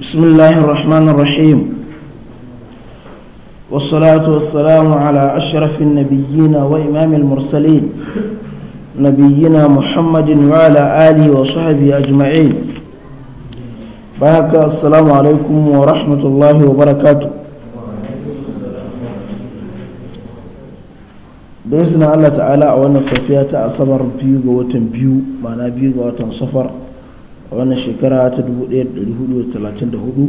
بسم الله الرحمن الرحيم والصلاة والسلام على أشرف النبيين وإمام المرسلين نبينا محمد وعلى آله وصحبه أجمعين بارك السلام عليكم ورحمة الله وبركاته بإذن الله تعالى أولا صفية أصبر بيو وتنبيو معنا بيو وتنصفر a wannan shekara ta 1434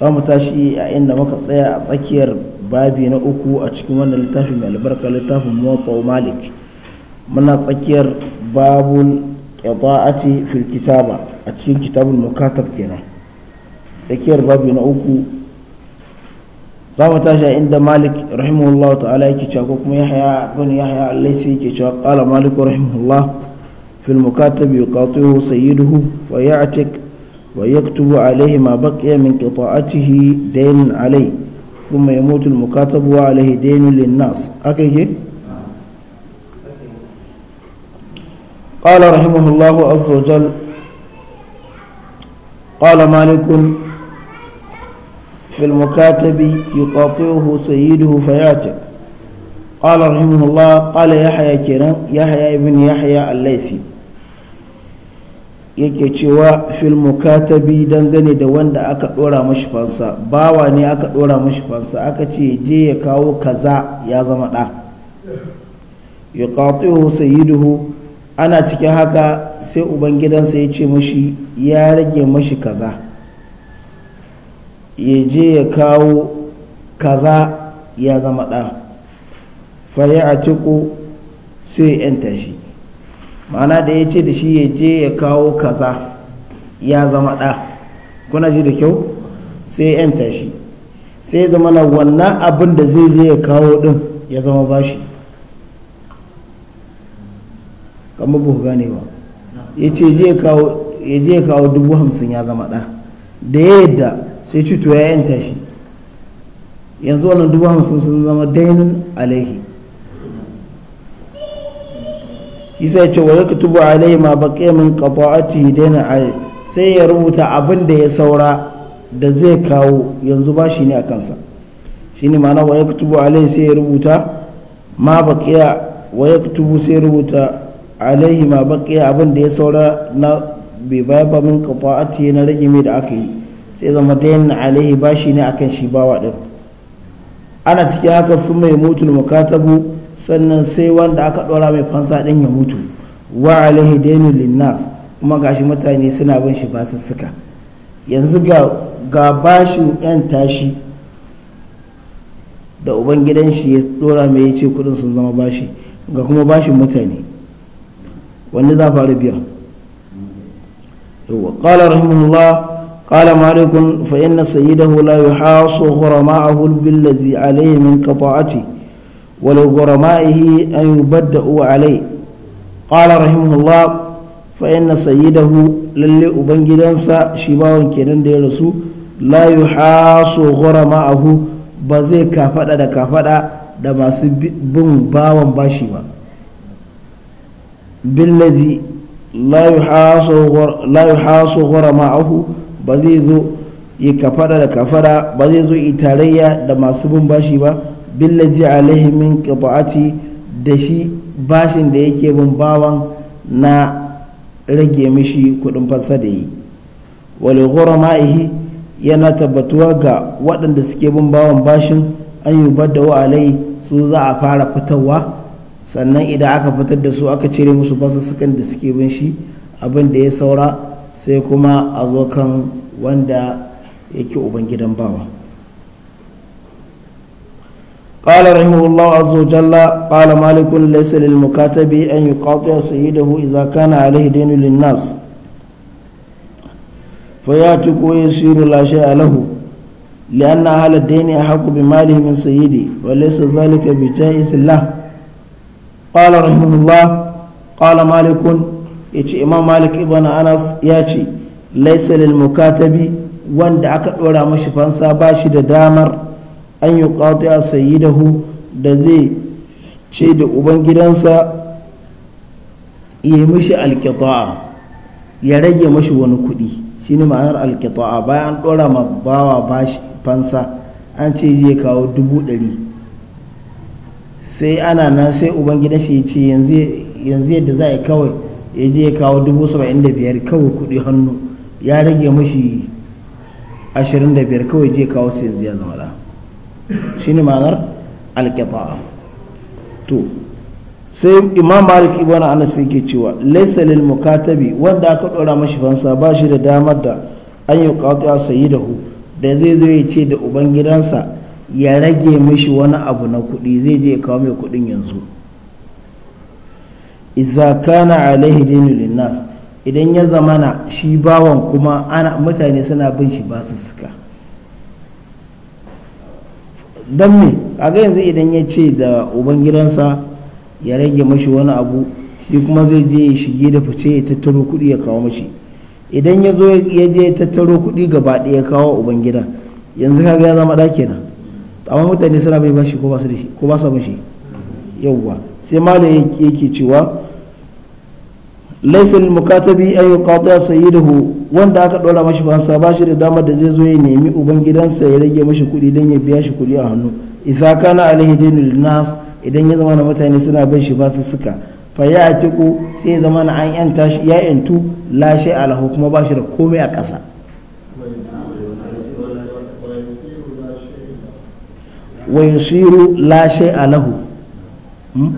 za mu tashi a inda muka tsaya a tsakiyar babi na uku a cikin wannan littafin mai albarka littafin muwatta malik muna tsakiyar babul qita'ati fil kitaba a cikin kitabun mukatab kenan tsakiyar babi na uku za mu tashi a inda malik rahimahullah ta'ala yake cewa ko kuma yahya bin yahya al yake cewa qala malik rahimahullah في المكاتب يقاطعه سيده ويعتق ويكتب عليه ما بقي من قطاعته دين عليه ثم يموت المكاتب وعليه دين للناس أكيه قال رحمه الله عز وجل قال مالك في المكاتب يقاطعه سيده فيعتق قال رحمه الله قال يحيى كيران يحيى ابن يحيى الليثي yake cewa fil mukatabi dangane da wanda aka dora mashi fansa bawa ne aka dora mashi fansa aka ce je ya kawo kaza ya zama da ya yi sayyiduhu ana cikin haka sai ubangidansa ya ce mashi ya rage mashi kaza ya je ya kawo kaza ya zama ɗa fa ya sai 'yan tashi ma'ana da ya ce da shi ya je ya kawo kaza ya zama ɗa kuna ji da kyau sai ya yanta shi sai ya zama na wannan abin da zai je ya kawo ɗin ya zama bashi kamar buhu gane ba ya ce ya je ya kawo dubu hamsin ya zama ɗa da ya yadda sai cuto ya yanta shi yanzu wannan dubu hamsin sun zama dainin alaihi shi sai ce wa yaktubu alaihi ma baƙe min a yi sai ya rubuta abin da ya saura da zai kawo yanzu ba shi ne a kansa shi ne ma'ana wa yaktubu alaihi sai ya rubuta ma baqiya wa yaktubu sai rubuta alaihi ma baƙe abin da ya saura na bai baya ba min qata'ati na rage mai da aka yi sai zama dayna alaihi ba shi ne a kan shi bawa din ana cikin haka sun mai mutul mukatabu sannan sai wanda aka ɗora mai fansa ɗin ya mutu wa alaihi dainu linnas kuma gashi mutane suna bin shi basussuka yanzu ga bashin 'yan tashi da ubangidan shi ya ɗora mai yace kudin sun zama bashi ga kuma bashin mutane wanda za faru biya yawwa qala rahimahullah قال مالك فإن سيده لا يحاص غرماءه بالذي عليه من قطاعته ولغرمائه أن يبدأوا عليه قال رحمه الله فإن سيده للي أبنجدنسا شباو كنن دي رسو لا يحاص غرمائه بزي كافدا دا كافدا دا ما سبن باوان باشي ما بالذي لا يحاص غر لا يحاص غرمائه بزي زو يكافدا دا كافدا بزي زو إتاريا دا ما سبن باشي ما billazi alaihi min qita'ati da shi bashin da yake bin bawan na rage mishi kudin fansa da yi wal ghurama'ihi yana tabbatuwa ga waɗanda suke bin bawan bashin an yi alai su za a fara fitarwa sannan idan aka fitar da su aka cire musu sukan da suke bin shi abin da ya saura sai kuma a zo kan wanda yake ubangidan bawa قال رحمه الله عز وجل قال مالك ليس للمكاتب أن يقاطع سيده إذا كان عليه دين للناس فيعتق ويسير لا شيء له لأن أهل الدين أحق بماله من سيدي وليس ذلك بجائز له قال رحمه الله قال مالك يتي إمام مالك ابن أنس ياتي ليس للمكاتب وند أكد ولا مشفان ساباشي دامر an yi a sayi da zai ce da ubangidansa ya yi mishi alƙita'a ya rage mashi wani kuɗi ne ma'anar alƙita'a bayan an ɗora ma bawa bashi fansa an ce zai kawo dubu ɗari sai ana nan sai gidan shi ce yanzu yadda za a kawai ya je ya kawo dubu saba'in da biyar kawai kuɗi hannu ya rage mashi ashirin da biyar kawai je kawo sai yanzu ya zama da shine ma'anar alqita'a to sai imam malik ibn anas yake cewa laysa lil mukatabi wanda aka dora mashi fansa ba shi da damar da an yi qati'a sayyidahu da zai zo ya ce da gidansa ya rage mishi wani abu na kuɗi zai je ya kawo mai kuɗin yanzu idza kana alaihi dinu linnas idan ya zamana shi bawan kuma ana mutane suna bin shi su suka don me kaga yanzu idan ya ce da ubangidansa ya rage mashi wani abu shi kuma zai je ya shige da fice ya tattaro kuɗi ya kawo mashi idan ya zo ya je ya tattaro kuɗi gaba ɗaya ya kawo ubangida yanzu kaga ya zama ɗa kenan amma mutane suna bai bashi ko ba su shi ko ba su mashi yawwa sai malam yake cewa laisa lil mukatabi an yuqati'a sayyidahu wanda aka dora mashi fansa ba shi da damar da zai zo ya nemi uban gidansa ya rage mashi kuɗi dan ya biya shi kuɗi a hannu idza kana alaihi dainul nas idan ya zama na mutane suna bin shi ba su suka fa ya atiku sai an yanta shi ya yantu la shay alahu kuma ba shi da komai a ƙasa wa yasiru la shay alahu hmm?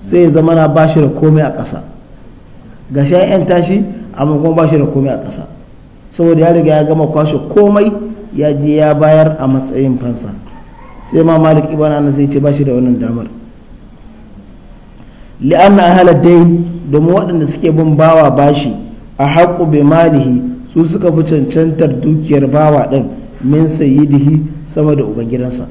sai ba shi da komai a ƙasa ga shi yan tashi amma kuma ba shi da komai a ƙasa saboda ya riga ya gama kwashe komai ya je ya bayar a matsayin fansa sai ma malik ibn anas sai ce ba shi da wannan damar li'anna ahla dain domin waɗanda suke bin bawa bashi a haƙu bi malihi su suka fi cancantar dukiyar bawa ɗin min sayyidihi sama da ubangidansa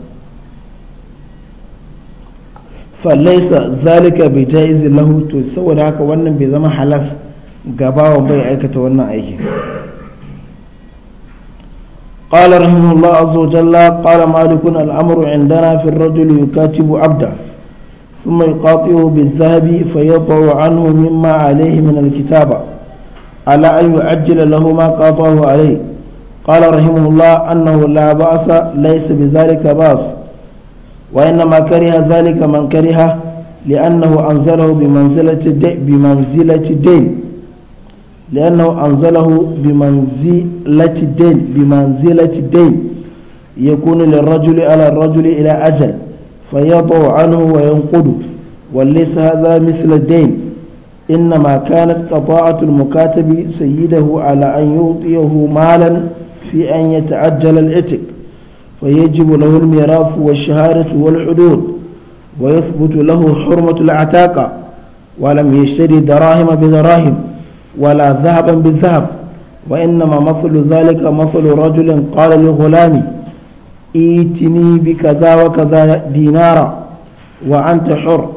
falaisa zalika bai ta izi lahu to saboda haka wannan bai zama halas ga bawan bai aikata wannan aikin قال رحمه الله عز وجل قال مالك الأمر عندنا في الرجل يكاتب عبدا ثم يقاطعه بالذهب فيطع عنه مما عليه من الكتابة على أن يعجل له ما قاطعه عليه قال رحمه الله أنه لا بأس ليس بذلك بأس وإنما كره ذلك من كره لأنه أنزله بمنزلة الدين بمنزلة الدين لأنه أنزله بمنزلة الدين بمنزلة الدين يكون للرجل على الرجل إلى أجل فيضع عنه وينقضه وليس هذا مثل الدين إنما كانت قطاعة المكاتب سيده على أن يعطيه مالا في أن يتعجل العتق ويجب له الميراث والشهادة والحدود ويثبت له حرمة العتاقة ولم يشتري دراهم بدراهم ولا ذهبا بالذهب وإنما مثل ذلك مثل رجل قال لغلامه ائتني بكذا وكذا دينارا وأنت حر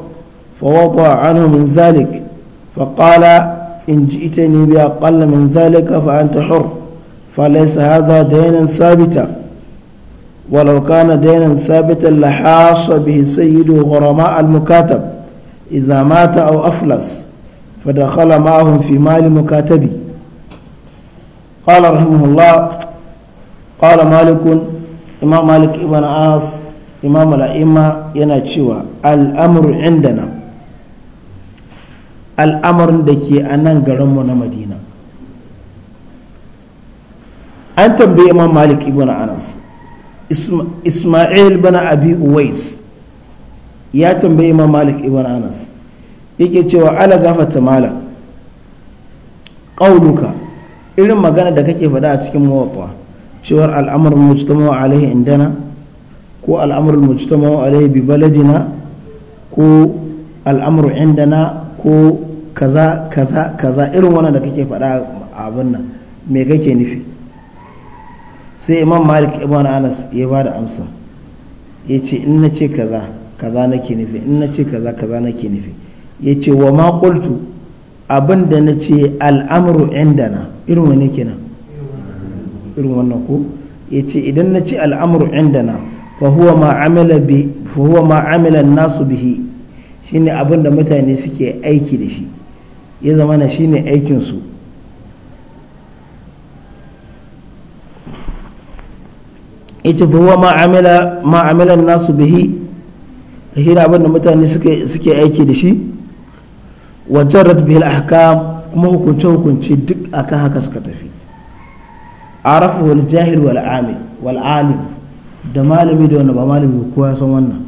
فوضع عنه من ذلك فقال إن جئتني بأقل من ذلك فأنت حر فليس هذا دينا ثابتا ولو كان دينا ثابتا لحاص به سيد غرماء المكاتب إذا مات أو أفلس فدخل معهم في مال مكاتبي قال رحمه الله قال مالك إمام مالك ابن أنس إمام الأئمة يناتشوا الأمر عندنا الأمر دكي أنان غرمنا مدينة أنت بإمام مالك ابن أنس isma'il bana abi uwais ya tambayi imam malik ibn anas yake cewa ala gafata mala qauluka irin magana da kake faɗa a cikin muwatta cewar al'amr mujtama alaihi indana ko al'amr mujtama alaihi bi baladina ko al'amr indana ko kaza kaza kaza irin wannan da kake faɗa a abin nan me kake nufi sai imam malik ibn anas ya ba da amsa ya ce in na ce kaza kaza nake nufi in na ce kaza kaza nake nufi ya ce wa ma qultu abin da na ce al'amru indana irin wani kenan irin wannan ko ya ce idan na ce al'amuru indana fa huwa ma amila nasu bihi shine abin da mutane suke aiki da shi ya zama na shine aikin su ita huwa ma amila ma amila nasu bihi hira abin da mutane suke suke aiki da shi wa jarrat bihi al-ahkam kuma hukunce hukunce duk akan haka suka tafi arafahu al-jahil wal amil wal alim da malami da wanda ba malami kowa san wannan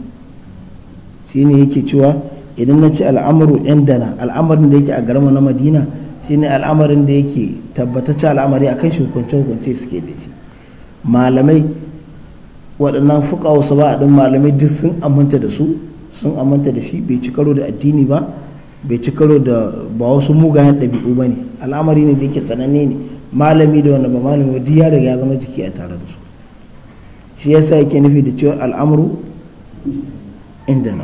shine yake cewa idan na ce al'amuru indana al'amarin da yake a garinmu na madina shine al'amarin da yake tabbatacce al'amari a kan shi hukunce hukunce suke da shi malamai waɗannan fuka wasu ba a ɗin malamai duk sun aminta da su sun aminta da shi bai ci karo da addini ba bai ci karo da ba wasu mugayen ɗabi'u ba ne al'amari ne da yake sananne ne malami da wanda ba malami duk ya riga ya zama jiki a tare da su shi ya sa yake nufi da cewa al'amru indana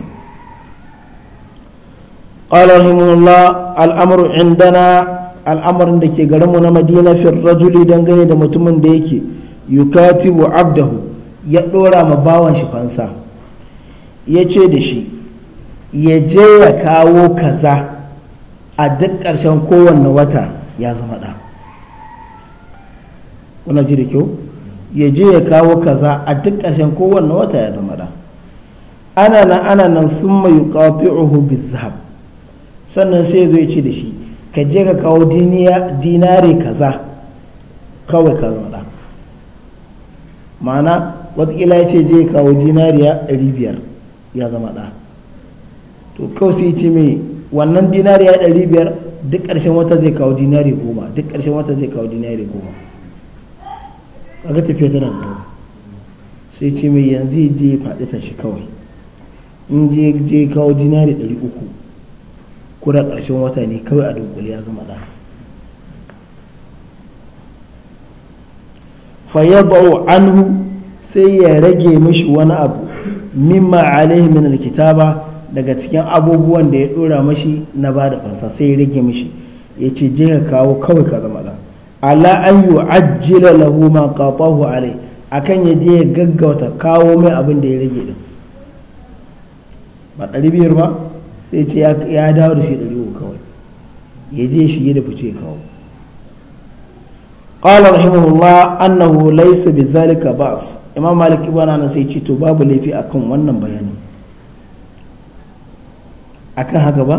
قال رحمه الله الأمر عندنا al'amarin da ke garinmu na madina fi rajuli dangane da mutumin da yake wa abdahu ya ɗora ma bawan shi fansa ya ce da shi ya je ya kawo kaza a duk ƙarshen kowanne wata ya zama ɗa kuna ji da kyau ya je ya kawo kaza a duk ƙarshen kowanne wata ya zama ɗa ana nan ana nan sun mai yuqati'uhu bizhab sannan sai zo ya ce da shi ka je ka kawo dinare kaza kawai ka zama ɗa ma'ana watakila ya ce je kawo dinariya 500 ya zama ɗa to kawai sai ce mai wannan dinariya 500 duk ƙarshen wata zai kawo dinari goma duk ƙarshen wata zai kawo dinari goma kaga tafiya tana da sauri sai ce mai yanzu je faɗi ta shi kawai in je je kawo dinari 300 kura ƙarshen wata ne kawai a dunkule ya zama ɗa fayyabau anhu sai ya rage mishi wani abu mimma alaihi min alkitaba daga cikin abubuwan da ya dora mashi na ba da fansa sai ya rage mishi ya ce je ka kawo kawai ka zama da ala an yu'ajjila lahu ma qatahu alai akan ya je ya gaggauta kawo mai abin da ya rage din ba ɗari biyar ba sai ce ya dawo da shi ɗari uku kawai ya je shige da fice kawo qala rahimahullah annahu laysa bizalika ba's imam malik ibn anas sai ce babu laifi akan wannan bayani akan haka ba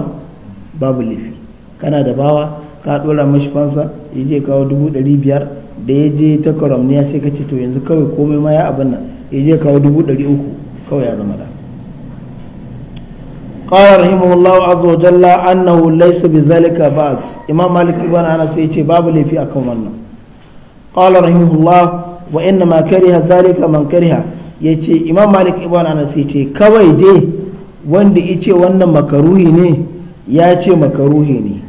babu laifi kana da bawa ka dora mashi fansa ya kawo dubu biyar da ya je ta karamniya sai ka to yanzu kawai komai ma ya abin nan ya kawo dubu uku kawai ya zama da قال رحمه الله عز وجل أنه ليس بذلك بأس إمام مالك ابن أنس باب لي في wannan. qala rahimahullah wa inna ma kariha zalika man ya ce imam malik ibn anas yace kawai dai wanda ce wannan makaruhi ne ya ce makaruhi ne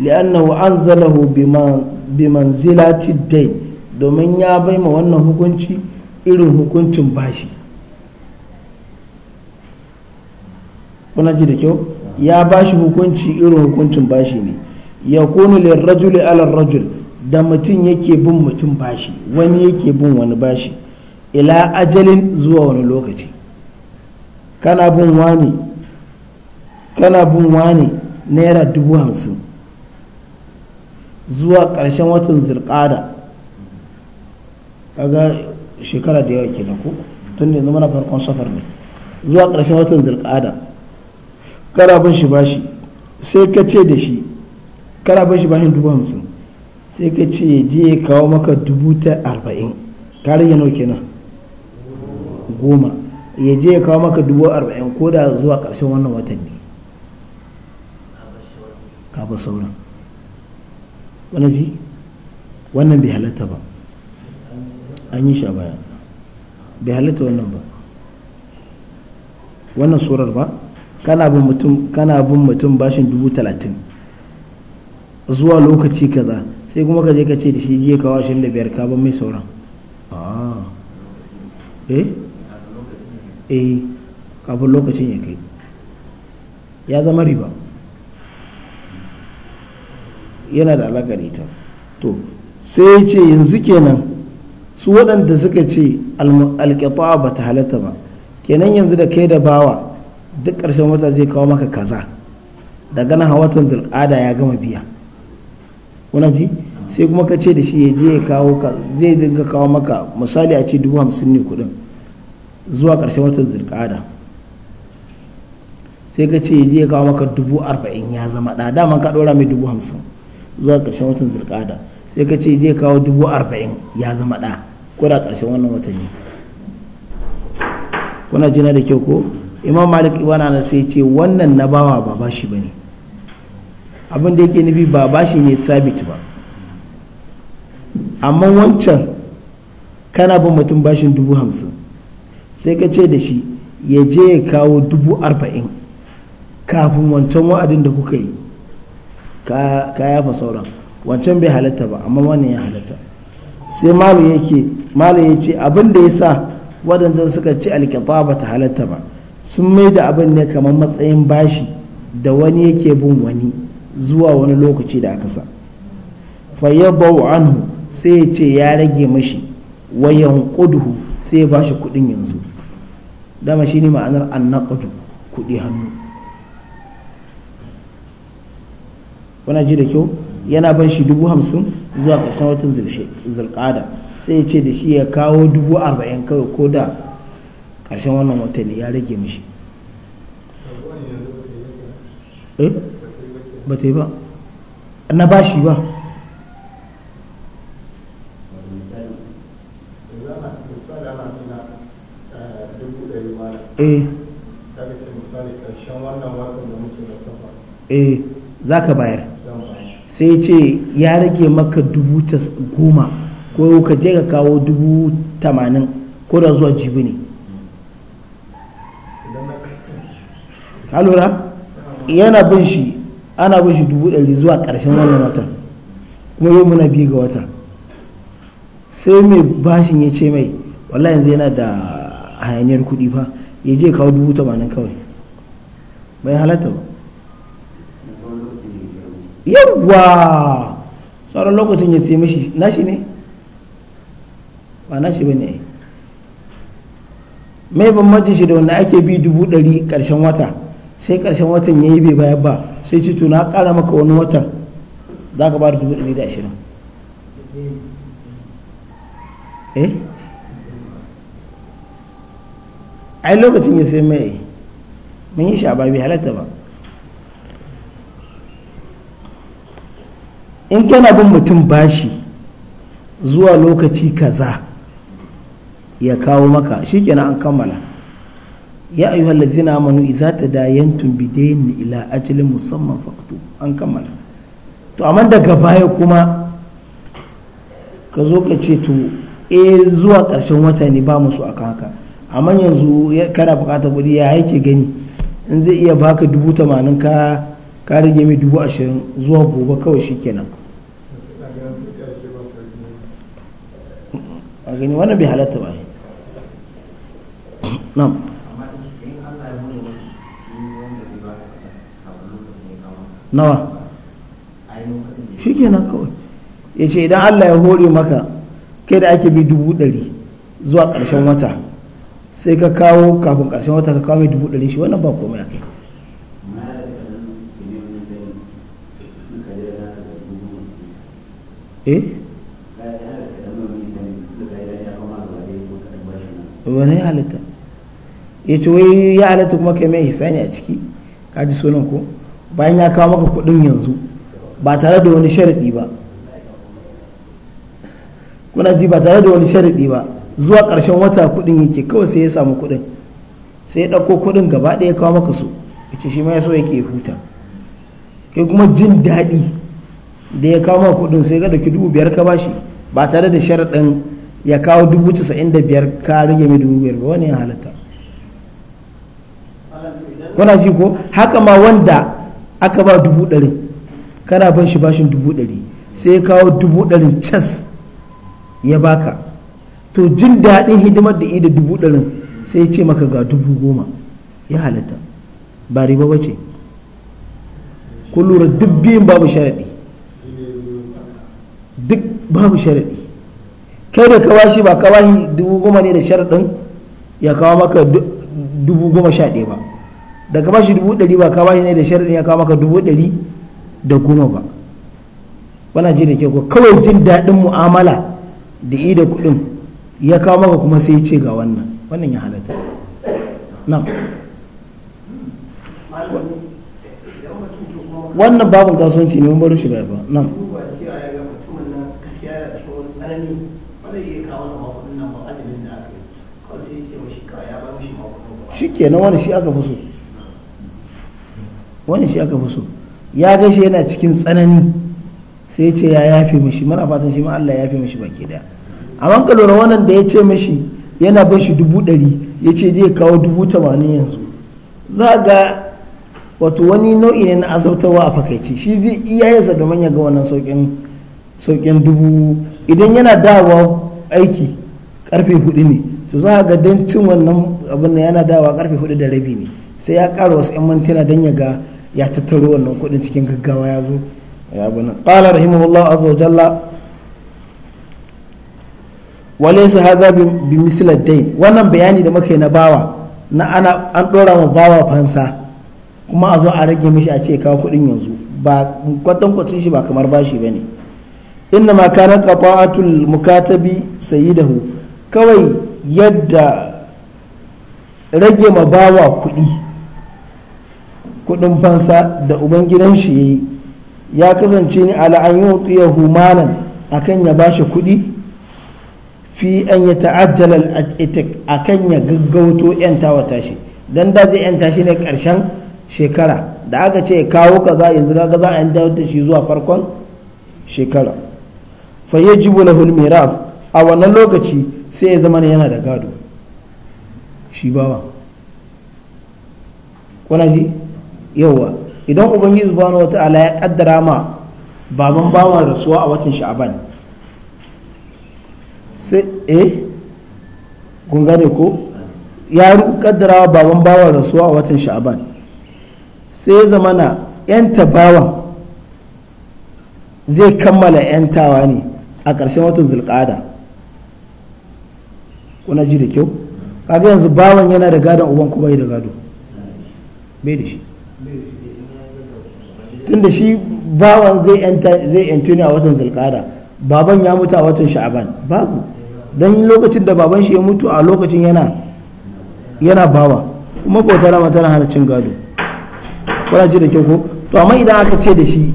li'annahu anzalahu bi manzilati dai domin ya bai ma wannan hukunci irin hukuncin bashi kuna ji da kyau ya bashi hukunci irin hukuncin bashi ne ya kunu lirrajuli alar rajul da mutum yake bin mutum bashi wani yake bin wani bashi ila ajalin zuwa wani lokaci kana bin wani kana bin wani naira dubu hamsin zuwa ƙarshen watan zirƙada kaga shekara da yawa kenan ko tun da mana farkon safar ne zuwa ƙarshen watan zirƙada kana bin shi bashi sai ka ce da shi kana bin shi bashin dubu hamsin sai ka ce je ya kawo maka dubu ta arba'in ka rage nau kenan goma ya je ya kawo maka dubu arba'in ko da zuwa ƙarshen wannan watan ne ka ba sauran wani ji wannan bai halatta ba an yi sha baya bai halatta wannan ba wannan surar ba kana bin mutum bashin dubu talatin zuwa lokaci kaza sai kuma ka je ka ce da shi je kawo shi da biyar ka ban mai sauran ah. eh? eh kafin lokacin ya kai ya zama riba yana da alaƙar ita to sai ce yanzu kenan su waɗanda suka ce alƙitawa ba ta halatta ba kenan yanzu da kai da bawa duk ƙarshen wata zai kawo maka kaza daga na watan dulƙada ya gama biya kuna ji sai kuma ka ce da shi ya je ya kawo ka zai dinga kawo maka misali a ce dubu hamsin ne kuɗin zuwa ƙarshen watan zirkada sai ka ce ya je ya kawo maka dubu arba'in ya zama ɗa dama ka ɗora mai dubu hamsin zuwa ƙarshen watan zirkada sai ka ce ya je ya kawo dubu arba'in ya zama ɗa ko da ƙarshen wannan watan ne kuna jina da kyau ko imam malik ibana na sai ce wannan na bawa ba ba shi ba ne abin da yake nufi ba bashi ne sabit ba amma wancan kana bin mutum bashin dubu hamsin sai ka ce da shi ya je ya kawo dubu arba'in kafin wancan wa'adin da kuka yi ka yafa sauran wancan bai halatta ba amma wannan ya halatta sai malu ya ce abin da ya sa waɗanda suka ci alkyata ba ta halatta ba sun mai da abin ne kamar matsayin bashi da wani yake bin wani zuwa wani lokaci da aka sa fa anhu sai ya ce ya rage mashi wayan kuduhu sai ya bashi kudin yanzu dama shi ne ma'anar annaqdu kudi hannu wana ji da kyau yana ban shi dubu hamsin zuwa ƙarshen watan zirkada sai ya ce da shi ya kawo dubu arba'in kawai ko da ƙarshen wannan watan ya rage mashi. Eh? ba ta yi ba na bashi ba eh. eh za ka bayar sai ce ya rage maka dubu goma ko ka je ka kawo dubu tamanin ko da zuwa jibi ne ka lura yana bin shi ana bin shi dubu ɗari zuwa ƙarshen wannan watan kuma yau muna biyu ga wata sai mai bashin ya ce mai wallah yanzu yana da hayaniyar kuɗi fa ya je kawo dubu tamanin kawai bai halatta ba yawwa sauran lokacin ya sai mashi nashi ne ba nashi ba ne mai majin shi da wanda ake bi dubu ɗari ƙarshen wata sai ƙarshen watan ya yi bai bayar ba sai ce tuna kara maka wani watan za ka ba da dubu ɗari da ashirin eh ai lokacin ya sai mai mun yi shaba bai halatta ba in kana bin mutum bashi zuwa lokaci kaza ya kawo maka shi kenan an kammala ya ayyuha allazina amanu da tadayantum bidayn ila cilin musamman faqtu an kammala to amma daga baya kuma ka zo ka ce to eh zuwa karshen wata ne ba musu aka haka amma yanzu kana bukatar kuɗi ya haike gani in zai iya baka dubu tamanin ka ka rage mai dubu ashirin zuwa gobe kawai shikenan a gani wannan bai halatta ba na'am nawa shi nan kawai ya ce idan allah ya hore maka kai da ake bi dubu ɗari zuwa ƙarshen wata sai ka kawo kafin ƙarshen wata ka kawo mai dubu ɗari shi wannan ba komai a kai eh? wani halitta ya ce wai ya halitta kuma kai mai hisani a ciki kaji sunan ko bayan ya kawo maka kuɗin yanzu ba tare da wani sharaɗi ba kuna ji ba tare da wani sharaɗi ba zuwa ƙarshen wata kuɗin yake kawai sai ya samu kuɗin sai ya ɗauko kuɗin gaba ɗaya ya kawo maka su ce shi ma ya so yake huta kai kuma jin daɗi da ya kawo maka kuɗin sai ka ɗauki dubu biyar ka bashi ba tare da sharaɗin ya kawo dubu casa'in da biyar ka rage mai dubu biyar ba wani ya halatta kuna ji ko haka ma wanda aka ba dubu ɗari kana ban shi bashin dubu ɗari sai ya kawo dubu ɗarin cas ya baka to jin daɗin hidimar da da dubu ɗarin sai ya ce maka ga dubu goma ya halatta ba riba ba ce ku lura duk biyun babu sharaɗi duk babu sharaɗi kai da kawashi ba kawashi dubu goma ne da sharaɗin ya kawo maka dubu goma sha ɗaya ba da ka bashi dubu ɗari ba ka bashi ne da ne ya kawo maka dubu ɗari da goma ba wana ji da kyau kawai jin daɗin mu'amala da i da kuɗin ya kawo maka kuma sai ce ga wannan wannan ya halatta na wannan babin kasuwanci ne mun shi ba na shi kenan wani shi aka fi so wannan shi aka fi so ya gaishe yana cikin tsanani sai ce ya yafe mishi mana fatan shi ma Allah ya yafe mishi baki daya amma ka lura wannan da ya ce mishi yana bin shi dubu ɗari ya ce zai kawo dubu tamanin yanzu za ga wato wani nau'i ne na azabtarwa a fakaice shi zai iya yasa domin ya ga wannan saukin dubu idan yana dawa aiki karfe hudu ne to za ga don cin wannan abin yana dawa karfe hudu da rabi ne sai ya kara wasu 'yan mantina don ya ga ya tattaro wannan kudin cikin gaggawa ya zo ya bi nan qala rahimahullah azza wa jalla hadha bi misl ad wannan bayani da muka yi na bawa na ana an dora ma bawa fansa kuma a zo a rage mishi a ce kawo kudin yanzu ba kwatan kwacin shi ba kamar bashi bane inna ma kana qata'atul mukatabi sayyidahu kawai yadda rage ma bawa kuɗi kudin fansa da ubangidan shi yi ya kasance ni ala an yutiya humanan kan ya bashi kudi fi an ya ta'ajjala al a kan ya gaggauto tawata shi dan da zai yan tashi ne karshen shekara da aka ce kawo kaza yanzu kaga za a dawo da shi zuwa farkon shekara fa yajibu lahu al a wannan lokaci sai ya zama yana da gado shi bawa kuna yawa idan ubangiji wa ta'ala ya kaddara ma baban bawan rasuwa a watan sha'aban sai eh kun gane ko ya kaddara wa baban bawan rasuwa a watan sha'aban sai ya zamana yanta bawan zai kammala yantawa ne a ƙarshen watan zulƙada kuna ji da kyau kaga yanzu bawan yana da gadon uban kuma yi da gado bai da shi tunda shi bawan zai yanto ne a watan zulkada baban ya mutu a watan sha'aban babu don lokacin da baban shi ya mutu a lokacin yana yana bawa kuma bauta rama tana hana cin gado kuna ji da kyau ko to amma idan aka ce da shi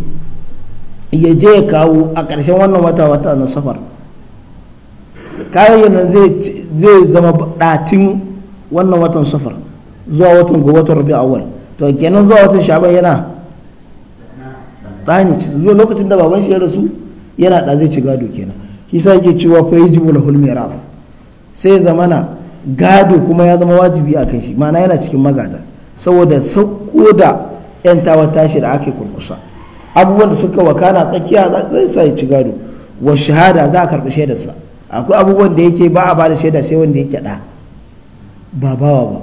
ya je ya kawo a ƙarshen wannan wata wata na safar kayan nan zai zama ɗatin wannan watan safar zuwa watan gobe watan wani to kenan zuwa watan sha'aban yana ɗani zuwa lokacin da baban shi ya rasu yana da zai ci gado kenan shi sa yake cewa fa yajibu lahul miraf sai zamana gado kuma ya zama wajibi a kan shi ma'ana yana cikin magada saboda sauko da yan tawa tashi da aka kurkusa abubuwan da suka na tsakiya zai sa ya ci gado wa shahada za a karɓi shaidarsa akwai abubuwan da yake ba a ba da shaida sai wanda yake ɗa ba bawa ba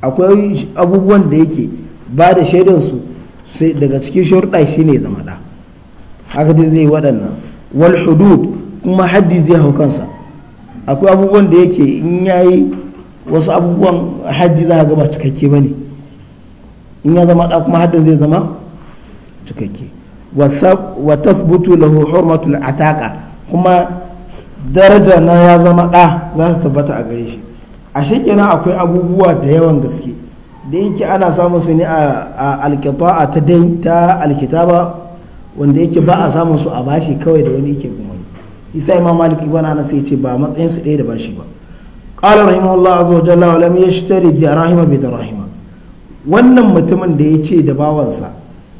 akwai abubuwan da yake ba da shaidarsu sai daga cikin shurɗa shi ne zama ɗa haka dai zai waɗannan wal hudud kuma haddi zai hau kansa akwai abubuwan da yake in ya yi wasu abubuwan haddi za a gaba cikakke ba ne in ya zama ɗa kuma haddin zai zama cikakke wa tasbutu lahu hurmatul ataka kuma daraja na ya zama ɗa za ta tabbata a gare shi a kenan akwai abubuwa da yawan gaske da yake ana samun su ne a a ta dai ta alkitaba wanda yake ba a samun su a bashi kawai da wani yake kuma isa imam malik ibn anas ya ce ba matsayin su ɗaya da bashi ba qala rahimahullah azza wa jalla wa lam yashtari dirahima bi dirahima wannan mutumin da ya ce da bawansa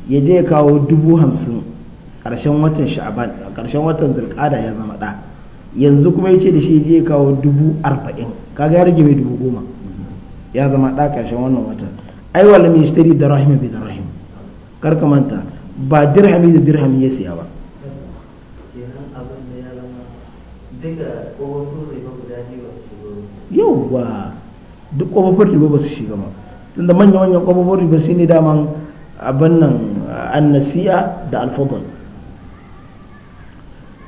ya je kawo dubu hamsin karshen watan sha'aban karshen watan zulqada ya zama da yanzu kuma ya ce da shi ya je kawo dubu arba'in kaga ya rage mai dubu goma ya zama ɗa ƙarshen wannan wata ai wala mai shitari da rahim bi da rahim kar ka manta ba dirhami da dirhami ya siya ba yauwa duk ƙofofin riba ba su shiga ba tunda manya-manyan ƙofofin riba shine daman abin nan annasiya da alfadal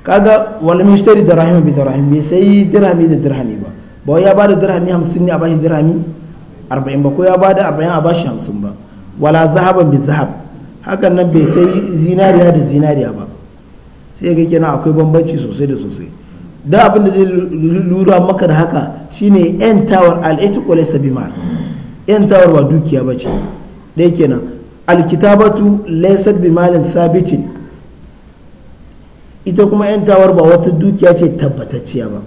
kaga mai mishtari da rahim bi dirham bai sai dirhami da dirhami ba ba ya ba da dirhami 50 ne a bashi dirhami arba'in ba ko ya bada arba'in a bashi hamsin ba wala zahaban bi zahab hakan nan bai sai zinariya da zinariya ba sai ga kenan akwai bambanci sosai da sosai da abin da zai lura maka da haka shine yan tawar al'itiku laysa bimar yan tawar ba dukiya ba ce dai kenan alkitabatu laysa bimalin sabitin ita kuma yan tawar ba wata dukiya ce tabbatacciya ba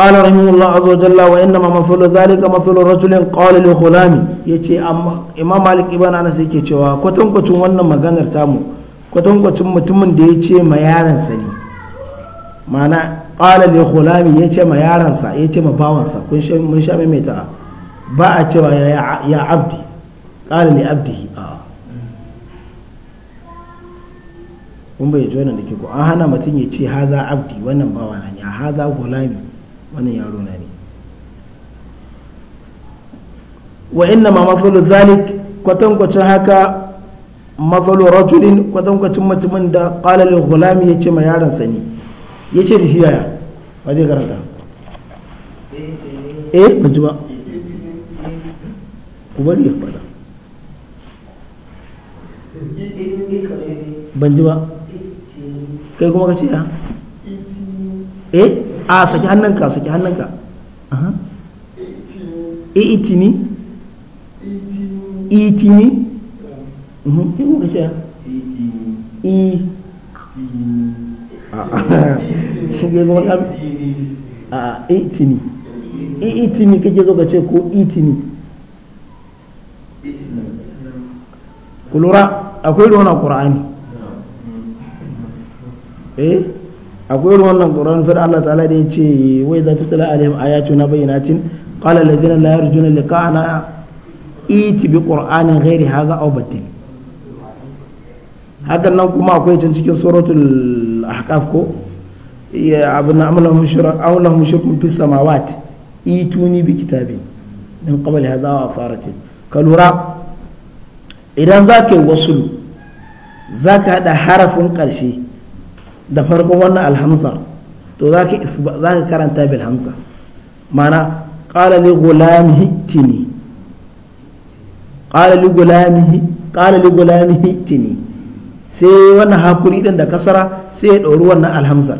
قال رحمه الله عز وجل وانما مفعول ذلك مفعول رجل قال لغلام يجي اما امام مالك ابن أنس yake cewa kwatankwacin wannan maganar tamu kwatankwacin mutumin da ya ce ma yaransa ne mana qala li ghulami ya ce ma yaransa ya ce ma bawansa kun shi mun sha mai ta ba a cewa ya ya abdi qala li abdihi a kun bai jona da ke ko an hana mutum ya ce haza abdi wannan bawana ne haza ghulami wannan yaro na ne wa inna ma mathalu zalik kwatankwacin haka mathalu rajulin kwatankwacin mutumin da kalalin lil ya ce ma yaron sa ne ce da shi yaya ba zai karanta eh ban ji ba ku bari ya fada ban ji ba kai kuma ka ce ya eh a saki hannunka saki hannunka itini itini itini itini kake zo ka ce ko itini e, ku lura akwai da a ƙura'ani eh akwai irin wannan tsoron fir Allah ta'ala da ya ce wai za tutula alaihim na bayyinatin qala allazina la yarjuna liqa'ana iti bi qur'anin ghairi hadha aw batil hakan nan kuma akwai can cikin suratul ahqaf ko ya abun amlahum shirk amlahum shirkun fis samawati ituni bi kitabi min qabl hadha wa faratin kalura idan zaka yi zaka hada harafin karshe da farkon wannan alhamsa to za ka karanta bil hamsa mana ƙala li gulamihi tini ƙala gulamihi ƙala gulamihi tini sai wannan hakuri ɗin da kasara sai ya ɗauri wannan alhamsa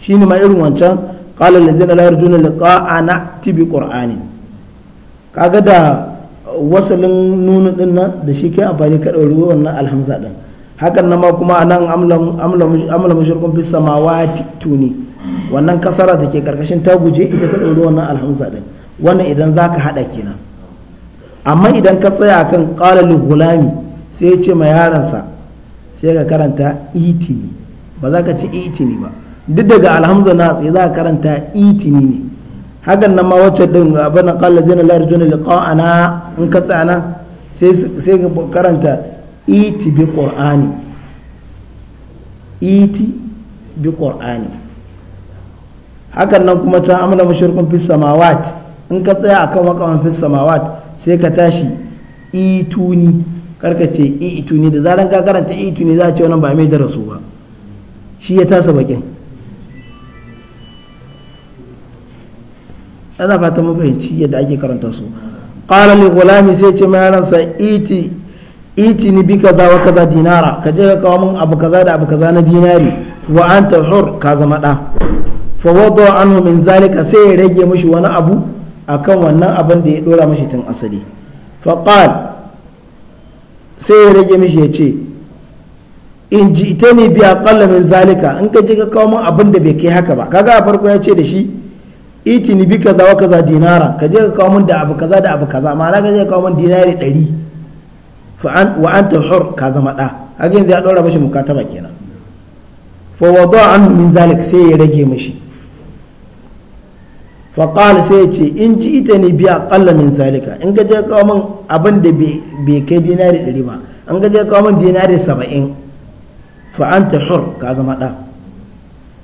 shi ne ma irin wancan ƙala lalzina layar juna a na tibi ƙur'ani kaga da wasalin nunu ɗin nan da shi ke amfani ka ɗauri wannan alhamsa ɗin hakan nan ma kuma anan amla mushrikun fi samawati tuni wannan kasara da ke karkashin ta guje ita ta ɗauri wannan alhamza din wannan idan za ka haɗa kenan amma idan ka tsaya akan ƙalalin gulami sai ya ce ma yaransa sai ka karanta itini ba za ka ci itini ba duk daga alhamza na tsaye za ka karanta itini ne hakan nan ma wacce din abin qala zina la in ka tsana sai sai ka karanta iti bi qur'ani iti bi qur'ani hakan nan kuma ta amala mushrikun fi samawat in ka tsaya akan waqawan fi samawat sai ka tashi ituni karka ce ituni da zaran ka karanta ituni za a ce wannan ba mai darasu ba shi ya tasa bakin ana fata mun fahimci yadda ake karanta su qala li sai ce ma yaransa iti itini bi kaza wa kaza dinara ka je ka kawo min abu kaza da abu kaza na dinari wa anta hur ka zama da fa wada anhu min zalika sai ya rage mishi wani abu akan wannan abin da ya dora mishi tun asali fa qal sai ya rage mishi ya ce in ji ita ne biya kalla min zalika in ka je ka kawo min abin da bai kai haka ba kaga a farko ya ce da shi itini bi kaza wa kaza dinara ka je ka kawo min da abu kaza da abu kaza ma'ana ka je ka kawo min dinari ɗari wa anta hur ka zama da haka yanzu ya dora mashi mukataba kenan fa wada anhu min zalik sai ya rage mashi fa qala sai ya ce in ji ita ne biya qalla min zalika in ka je kawo min abin da bai kai dinari 100 ba an ka je kawo min dinari 70 fa anta hur ka zama da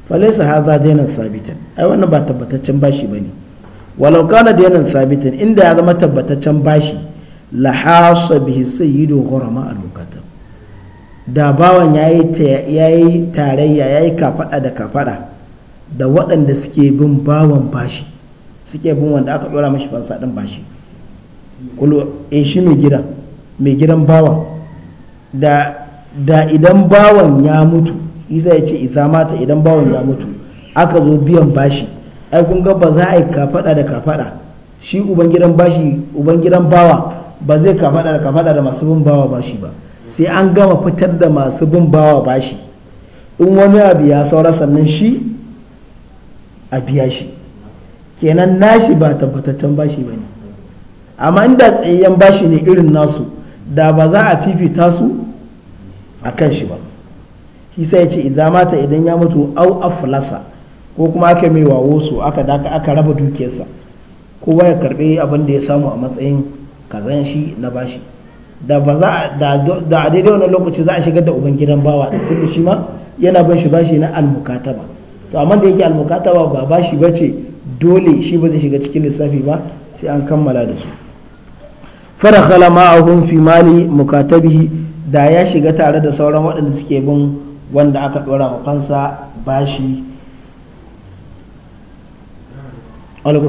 fa laysa hadha dinan sabitan ai wannan ba tabbataccen bashi bane walau kana dinan sabitan inda ya zama tabbataccen bashi lahasa bihi sayyidu ghurama a lokacin da bawan yayi tarayya yayi kafada da kafada da waɗanda suke bin bawan bashi suke bin wanda aka dora mashi fansa din bashi kullu eh shi mai gidan mai gidan bawan da da idan bawan ya mutu isa ya ce ita mata idan bawan ya mutu aka zo biyan bashi ai kun ga ba za a yi kafada da kafada shi ubangidan bashi ubangidan bawa ba zai ka da masu bin bawa bashi ba sai an gama fitar da masu bin bawa bashi in wani abu ya saura sannan shi a biya shi kenan nashi ba tabbataccen bashi ba ne amma inda tsayayyen bashi ne irin nasu da ba za a fifita su a kan shi ba shi sai ya ce idan mata idan ya mutu au aflasa ko kuma aka mai wawo su aka daka aka raba dukiyarsa kowa ya karbi abinda ya samu a matsayin kazan shi na bashi da ba za da a daidai wannan lokaci za a shigar da uban gidan bawa tunda shi ma yana ban shi bashi na almukataba to amma da yake almukataba ba bashi ba ce dole shi ba zai shiga cikin lissafi ba sai an kammala da su fara khala ma'ahum fi mali mukatabihi da ya shiga tare da sauran waɗanda suke bin wanda aka ɗora ma kansa bashi alaikum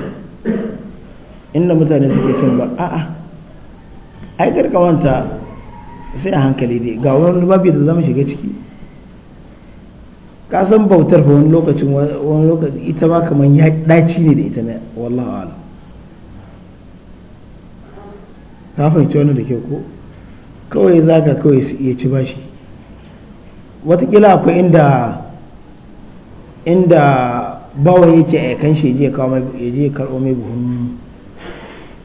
inda mutane suke cin ba a'a ai karkawanta sai a hankali dai ga wani babi da zama shiga ciki ka san bautar fa wani lokacin wani lokacin ita ma kamar ya daci ne da ita na wallahu ala ka fahimci wani da ke ko kawai za ka kawai su iya ci bashi watakila akwai inda inda bawan yake aikan shi ya je kawo mai buhun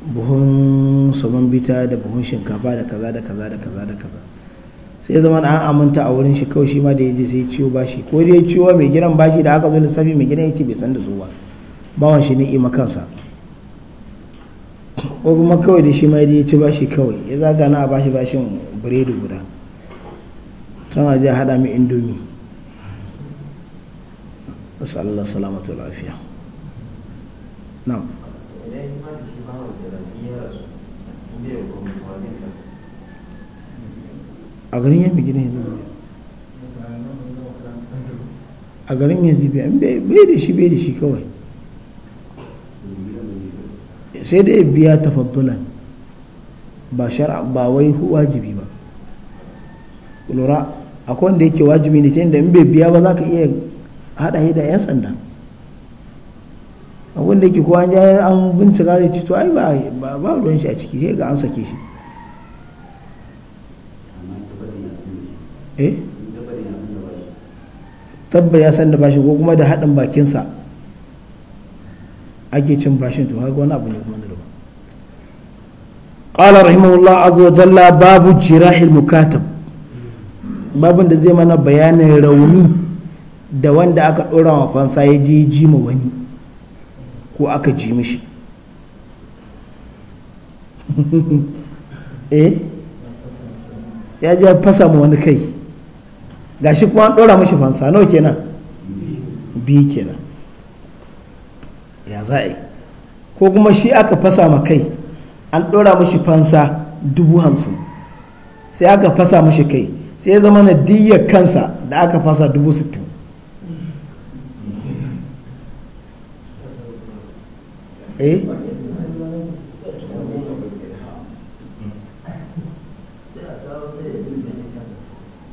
buhun saman bita da buhun shinkafa da kaza da kaza da kaza da kaza sai zama an aminta a wurin shi kawai shi ma da ya je sai ciwo bashi ko dai ciwo mai gidan bashi da aka zo lissafi mai gidan yake bai san da zuwa ba wa shi ni'ima kansa ko kuma kawai da shi ma ya ci bashi kawai ya zaga na a bashi bashin biredi guda tana a je haɗa mai indomi nasu Allah salamatu lafiya na'am a garin ya gina yanzu yanzu a garin yanzu bai da shi bai da shi kawai sai da biya tafaddulan ba shar'a ba wai wajibi ba lura akwai wanda yake wajibi ne ta yadda in bai biya ba za ka iya haɗa da 'yan sanda abin da yake kowa an bincika ya ci to ai ba ruwan shi a ciki sai ga an sake shi eh tabba ya san da bashi ko kuma da haɗin bakinsa ake cin bashin to haka wani abu ne kuma da daban qala rahimahullah azza wa jalla babu jirahil mukatab babin da zai mana bayanin rauni da wanda aka ɗora wa fansa ya je ji ma wani ko aka ji mishi eh ya je fasa ma wani kai gashi kuma an ɗora mashi fansa nawa kenan biyu kenan ya za a yi ko kuma shi aka fasa ma kai an ɗora mashi fansa dubu hamsin sai aka fasa mashi kai sai ya zama na diyar kansa da aka fasa dubu sittin eh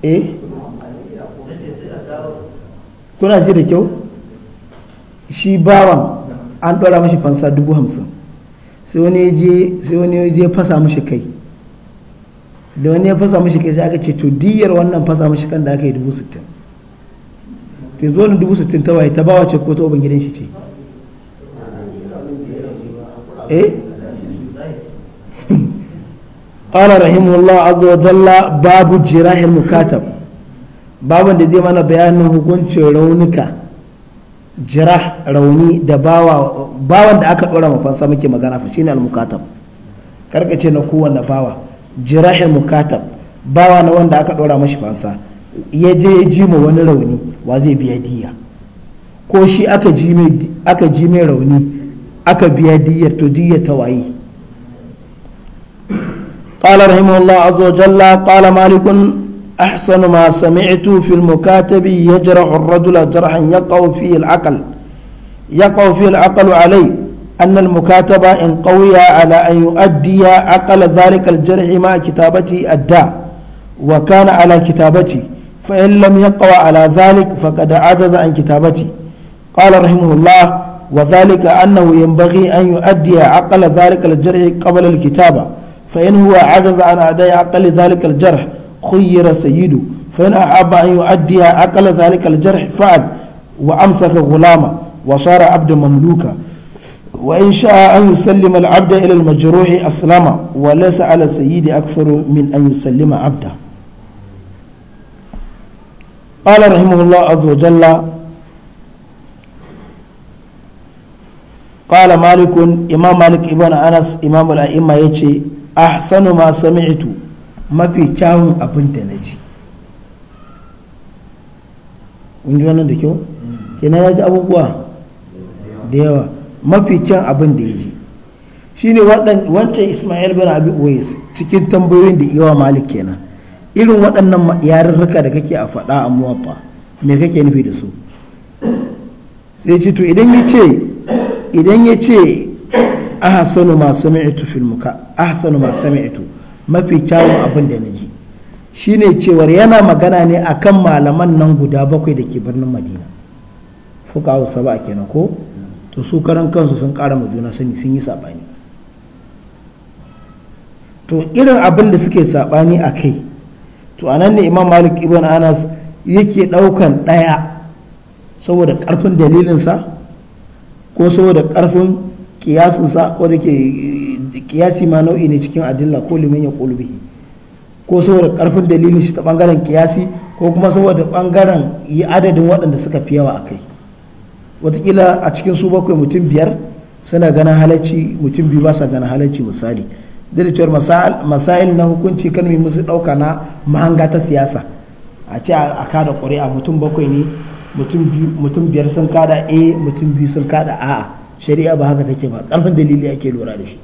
eh kuna ji da kyau shi bawan an ɗora mashi fansa dubu hamsin sai wani ya je fasa mashi kai da wani ya fasa mashi kai sai aka ce to diyar wannan fasa mashi kan da aka yi dubu sittin to zo ni dubu sittin ta waye ta bawa ce ko ta uban gidan shi ce eh قال رحمه الله عز وجل باب جراح المكاتب babin da zai mana bayanin hukuncin raunuka jira rauni da bawa bawan da aka dora mafansa muke magana fa shine al-mukatab karkace na kowanne bawa jirahil mukatab bawa na wanda aka dora mashi fansa ya je ya ji ma wani rauni wa zai biya diya ko shi aka ji mai rauni aka biya diya to diya ta waye قال رحمه الله عز وجل قال malikun. أحسن ما سمعت في المكاتب يجرح الرجل جرحا يقع فيه العقل يقع فيه العقل عليه أن المكاتبة إن قوي على أن يؤدي عقل ذلك الجرح مع كتابته أدى وكان على كتابتي فإن لم يقوى على ذلك فقد عجز عن كتابتي قال رحمه الله وذلك أنه ينبغي أن يؤدي عقل ذلك الجرح قبل الكتابة فإن هو عجز عن أداء عقل ذلك الجرح خير سيده فإن أحب أن يؤديها عقل ذلك الجرح فعل وأمسك غلاما وصار عبدا مملوكا وإن شاء أن يسلم العبد إلى المجروح أسلم وليس على سيد أكثر من أن يسلم عبده قال رحمه الله عز وجل قال مالك إمام مالك ابن أنس إمام الأئمة يتشي أحسن ما سمعت mafi kyawun abin da na ji kun ji wannan da kyau mm. kenan ya ji abubuwa da yawa mafi kyan abin da ya ji ne wancan ismail bin abi uwais cikin tambayoyin da iwa malik kenan irin waɗannan yarurruka da kake a faɗa a muwatta me kake nufi da su sai ce to idan ya ce idan ya ce ahsanu ma sami'tu fil muka ahsanu ma sami'tu mafi kyawun abin da na ji shine cewar yana magana ne akan malaman nan guda bakwai da ke birnin madina fuka hausa ba kenan ko to su karan kansu sun kara ma juna sani sun yi sabani to irin abin da suke saɓani a kai to a nan ne imam malik ibn anas yake ɗaukan ɗaya saboda karfin dalilinsa ko saboda karfin kiyasinsa ko da ke kiyasi ma nau'i ne cikin adilla ko limin ya qulubi ko saboda karfin dalilin shi ta bangaren kiyasi ko kuma saboda bangaren yi adadin waɗanda suka fi yawa a kai watakila a cikin su bakwai mutum biyar suna ganin halacci mutum biyu ba sa ganin halacci misali cewar masail na hukunci kan mai musu ɗauka na mahanga ta siyasa a ce a kada ƙuri'a mutum bakwai ne mutum biyar sun kada a mutum biyu sun kada a'a shari'a ba haka take ba ƙarfin dalili ake lura da shi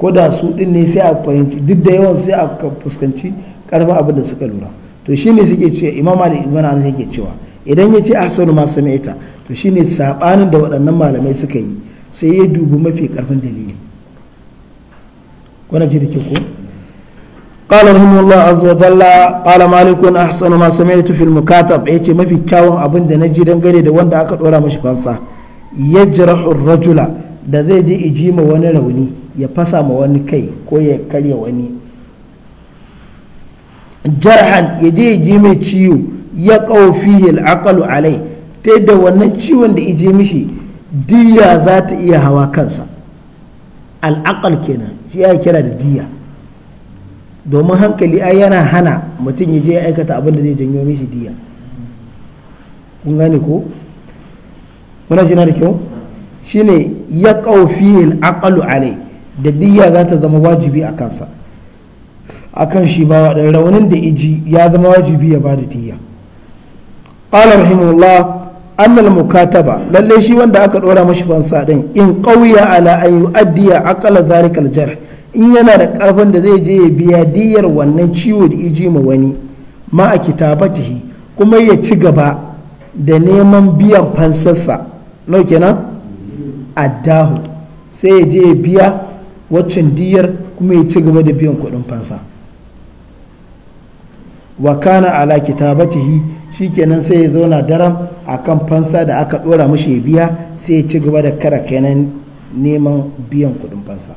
ko da su din ne sai a fahimci duk da yawan sai a fuskanci karfin abin da suka lura to shi ne suke cewa imam malik ibn anas yake cewa idan ya ce ahsanu ma sami'ta to shi ne sabanin da waɗannan malamai suka yi sai ya dubi mafi karfin dalili kuna ji da ko قال رحمه الله عز وجل قال مالك احسن ما سمعت في المكاتب yace mafi kyawun abin da دنجي dangane da wanda aka dora mashi fansa yajrahu ar-rajula da zai je iji ma wani rauni ya fasa ma wani kai ko ya karya wani jarhan ya je iji mai ciwo ya ƙaufi al'akalu alai ta yadda wannan ciwon da iji mishi diya za ta iya hawa kansa al'akal kenan shi ya kira da diya domin hankali ai yana hana mutum ya je ya aikata abin da zai janyo mishi diya kun gane ko muna na da kyau shine ya ƙaufi al'aƙalu alai da diya za ta zama wajibi a kansa a kan shi ba da raunin da iji ya zama wajibi ya ba da diya ƙala rahimullah annal mukataba lalle shi wanda aka ɗora mashi fansa ɗin in ƙauya ala an yu'addiya aqala zalikal jarh in yana da ƙarfin da zai je ya biya diyar wannan ciwo da iji ma wani ma a kitabatihi kuma ya ci gaba da neman biyan fansarsa nau kenan addahu sai ya je ya biya waccan diyar kuma ya ci gaba da biyan kuɗin fansa wa kana ala kitabatihi shikenan sai ya zauna daram akan fansa da aka ɗora mashi ya biya sai ya ci gaba da kara kenan neman biyan kuɗin fansa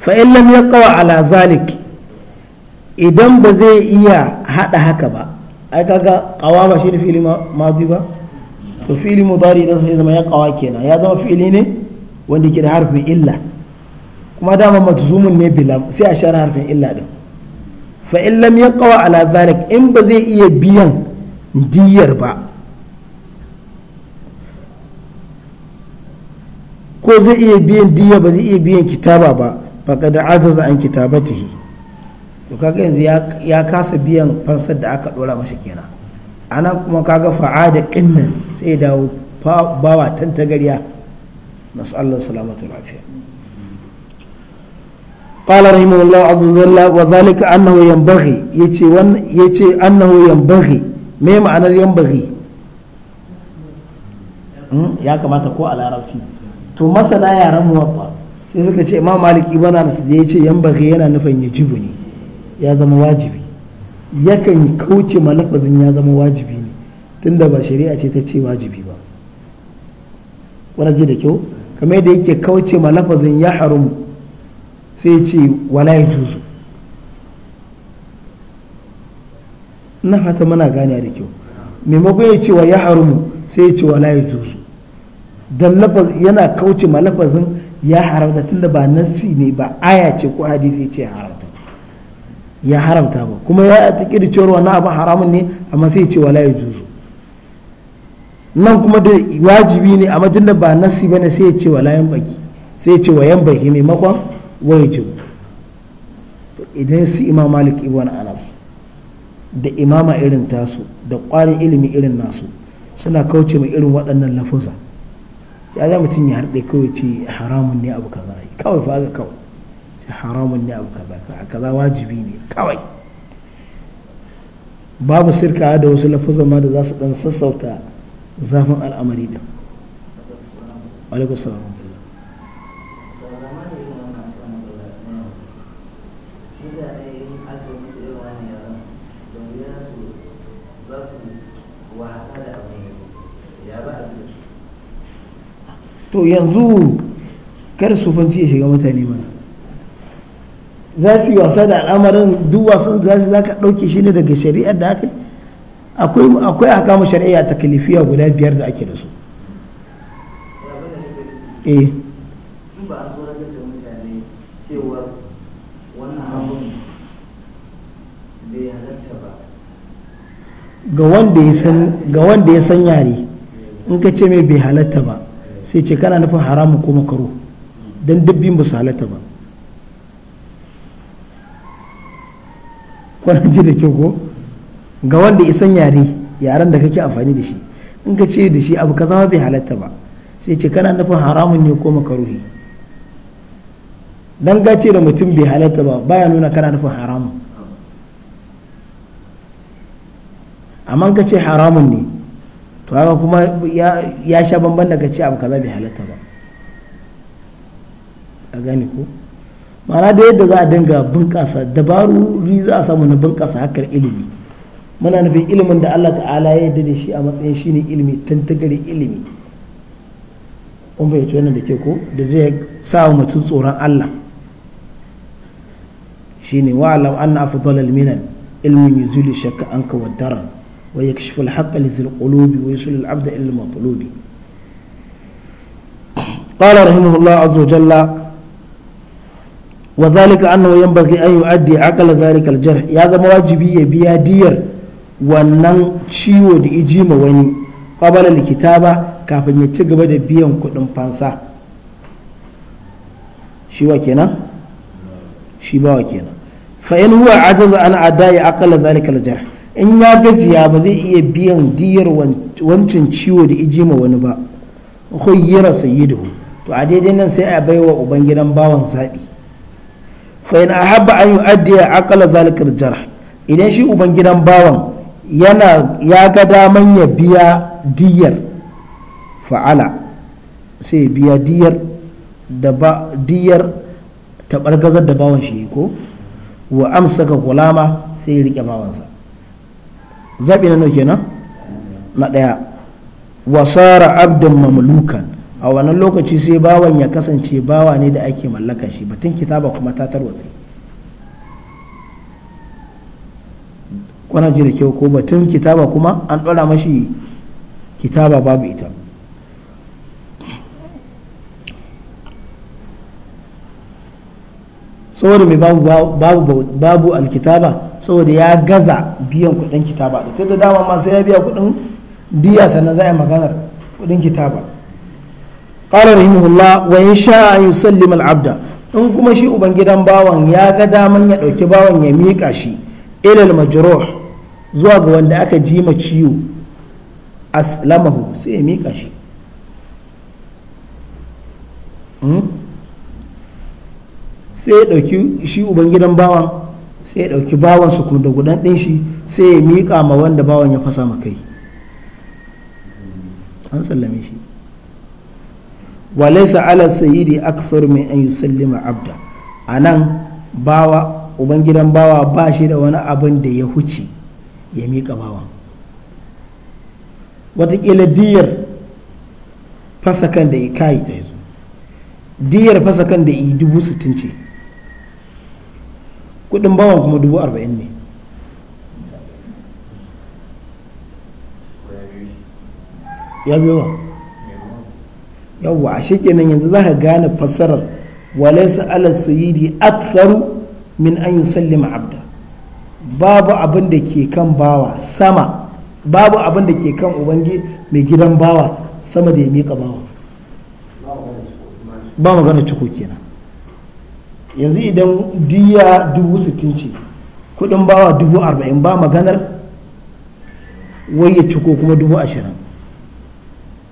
fa in lam yaqwa ala zalik idan ba zai iya hada haka ba ai kaga shi shine fi'li mazi ba to fi'ili mudari idan sai zama ya kawa kenan ya zama fi'ili ne wanda ke da harfin illa kuma dama majzumun ne bilam sai a share harfin illa din fa in lam yaqwa ala zalik in ba zai iya biyan diyar ba ko zai iya biyan diya ba zai iya biyan kitaba ba faqad ajaza an kitabatihi to kaga yanzu ya kasa biyan fansar da aka dora masa kenan ana kuma kaga fa'ada ƙinnan sai dawo bawa tantagariya nasu Allah salamatu lafiya قال رحمه الله عز وجل وذلك ya ce يتي ون يتي أنه ينبغي ما معنى ينبغي ya kamata ko a عربتي to masana yaran muwatta sai suka ce imam malik ibn anas da ya ce yan yana nufin ya jibu ne ya zama wajibi yakan kauce ma lafazin ya zama wajibi ne tunda ba shari'a ce ta ce wajibi ba wani ji da kyau kamar yadda yake kauce ma lafazin ya haramu sai ce wala ya juzu na fata muna gane da kyau maimakon ya cewa ya haramu sai ya ce wala ya juzu don yana kauce ma lafazin ya haramta tunda ba nasi ne ba aya ce ko hadisi ce haram ya haramta ba kuma ya da cewar wannan abin haramun ne amma sai ce wala ya juzu nan kuma da wajibi ne amma tunda ba nasi bane sai ya ce wala yan baki sai ya ce wa yan baki maimakon wajib idan su imam malik ibn anas da imama irin tasu da ƙwarin ilimi irin nasu suna kauce mai irin waɗannan lafuza ya za mutum ya harɗe kawai ce haramun ne abu kaza kawai fa kawai haramun ne abu kaza kaza wajibi ne kawai babu sirka da wasu lafuzan ma da za su dan sassauta zafin al'amari din alaikum salam to yanzu kar su fanci ya shiga mutane mana za su yi wasa da al'amarin duk wasan za su zaka ɗauke shi ne daga shari'ar da aka akwai akwai mu shari'a ta kalifiya guda biyar da ake da su eh ga wanda ya san ga wanda ya san yare in ka ce mai bai halatta ba sai ce kana nufin haramu ko makaro dan dubbin ba su halatta ba kwanan ji da kyau ko ga wanda isan yare yaren da kake amfani da shi in ka ce da shi abu ka zama bai halatta ba sai ce kana nufin haramun ne ko makaruhi dan gace da mutum bai halatta ba baya nuna kana nufin haramun amma ka ce haramun ne to haka kuma ya sha bambam da ka ce abu kaza bai halatta ba a gane ko mana da yadda za a dinga bunƙasa dabaru za a samu na bunƙasa hakar ilimi muna nufin ilimin da Allah ta'ala ya yarda da shi a matsayin shine ilimi tantagari ilimi kun fahimci wannan da ke ko da zai sa wa mutum tsoron Allah shine wa alam anna afdal al minan ya zuli shakka anka wa darar wa yakshifu al haqqa li dhil qulubi wa yusul al abda ila al matlubi qala rahimahullah azza wa wazalika zalika annahu yanbaghi an yu'addi aqla zalika ya zama wajibi ya biya diyar wannan ciwo da ijima wani likita ba kafin ya ci gaba da biyan kuɗin fansa shi wa kenan shi bawa kenan fa in huwa ajaza an adai aqla zalika al in ya gajiya ba zai iya biyan diyar wancan ciwo da ijima wani ba khayyara sayyidu to a daidai nan sai a baiwa ubangidan bawan sabi fa a haɓa an a akala zalikar jarh idan shi ubangidan gidan bawan yana ya ga daman ya biya diyar fa'ala sai biya diyar da ba diyar ɓargazar da bawan shi ko wa amsa ga gulama sai ya riƙe bawansa zaɓi na nauke na na ɗaya wasara abdin mamlukan a wannan lokaci sai bawan ya kasance bawa ne da ake mallaka shi batun kitaba kuma ta tarwatse kwana ji da kyau ko batun kitaba kuma an ɗora mashi kitaba babu ita saboda mai babu babu babu alkitaba saboda ya gaza biyan kudin kitaba da ta da dama ma sai ya biya kudin diya sannan za a yi maganar kudin kitaba qala rahimahullah wa in sha yusallim al-abda in kuma shi ubangidan bawan ya ga daman ya dauki bawan ya miƙa shi ilal majruh zuwa ga wanda aka ji ma ciwo sai sai ya ɗauki shi ubangidan bawan sai ɗauki bawan su da gudan ɗin shi sai ya miƙa ma wanda bawan ya fasa ma an sallame shi wa laysa ala sayyidi akthar min an yusallima abda anan bawa ubangidan bawa ba shi da wani abin da ya huce ya miƙa bawan watakila diyar fasakan da ya kayi ta yanzu diyar fasakan da yi dubu sittin ce kudin bawan kuma dubu arba'in ne ya biyo yawwa ashe nan yanzu za ka gane fassarar walaysa ala sayidi aktharu min an yusallima abda babu abin da ke kan bawa sama babu abin da ke kan ubangi mai gidan bawa sama da ya miƙa bawa ba magana ciko kenan yanzu idan diya dubu sittin ce kudin bawa dubu arba'in ba maganar wai ya ciko kuma dubu ashirin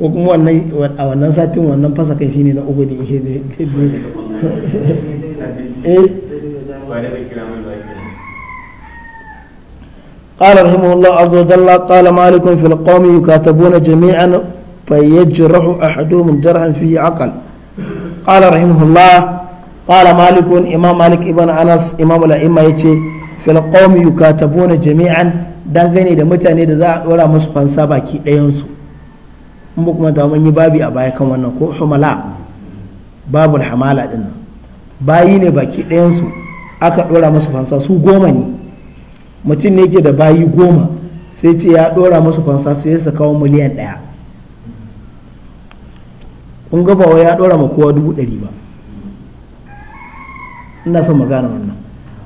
ko kuma wannan a wannan satin wannan fasa kai shine na uku da ihe da قال رحمه الله عز وجل قال مالك في القوم يكاتبون جميعا فيجرح أحدهم جرحا فيه عقل قال رحمه الله قال مالك إمام مالك ابن أنس إمام الأئمة يتي في القوم يكاتبون جميعا dangane da mutane da za a dora musu fansa baki ɗayansu mu kuma kuma mun yi babi a baya kan wannan ko humala babul hamala din nan bayi ne baki ɗayan su aka ɗora musu fansa su goma ne mutum ne ke da bayi goma sai ce ya ɗora musu fansa sai ya kawo miliyan ɗaya kun ga bawa ya ɗora ma kowa dubu ɗari ba ina son magana wannan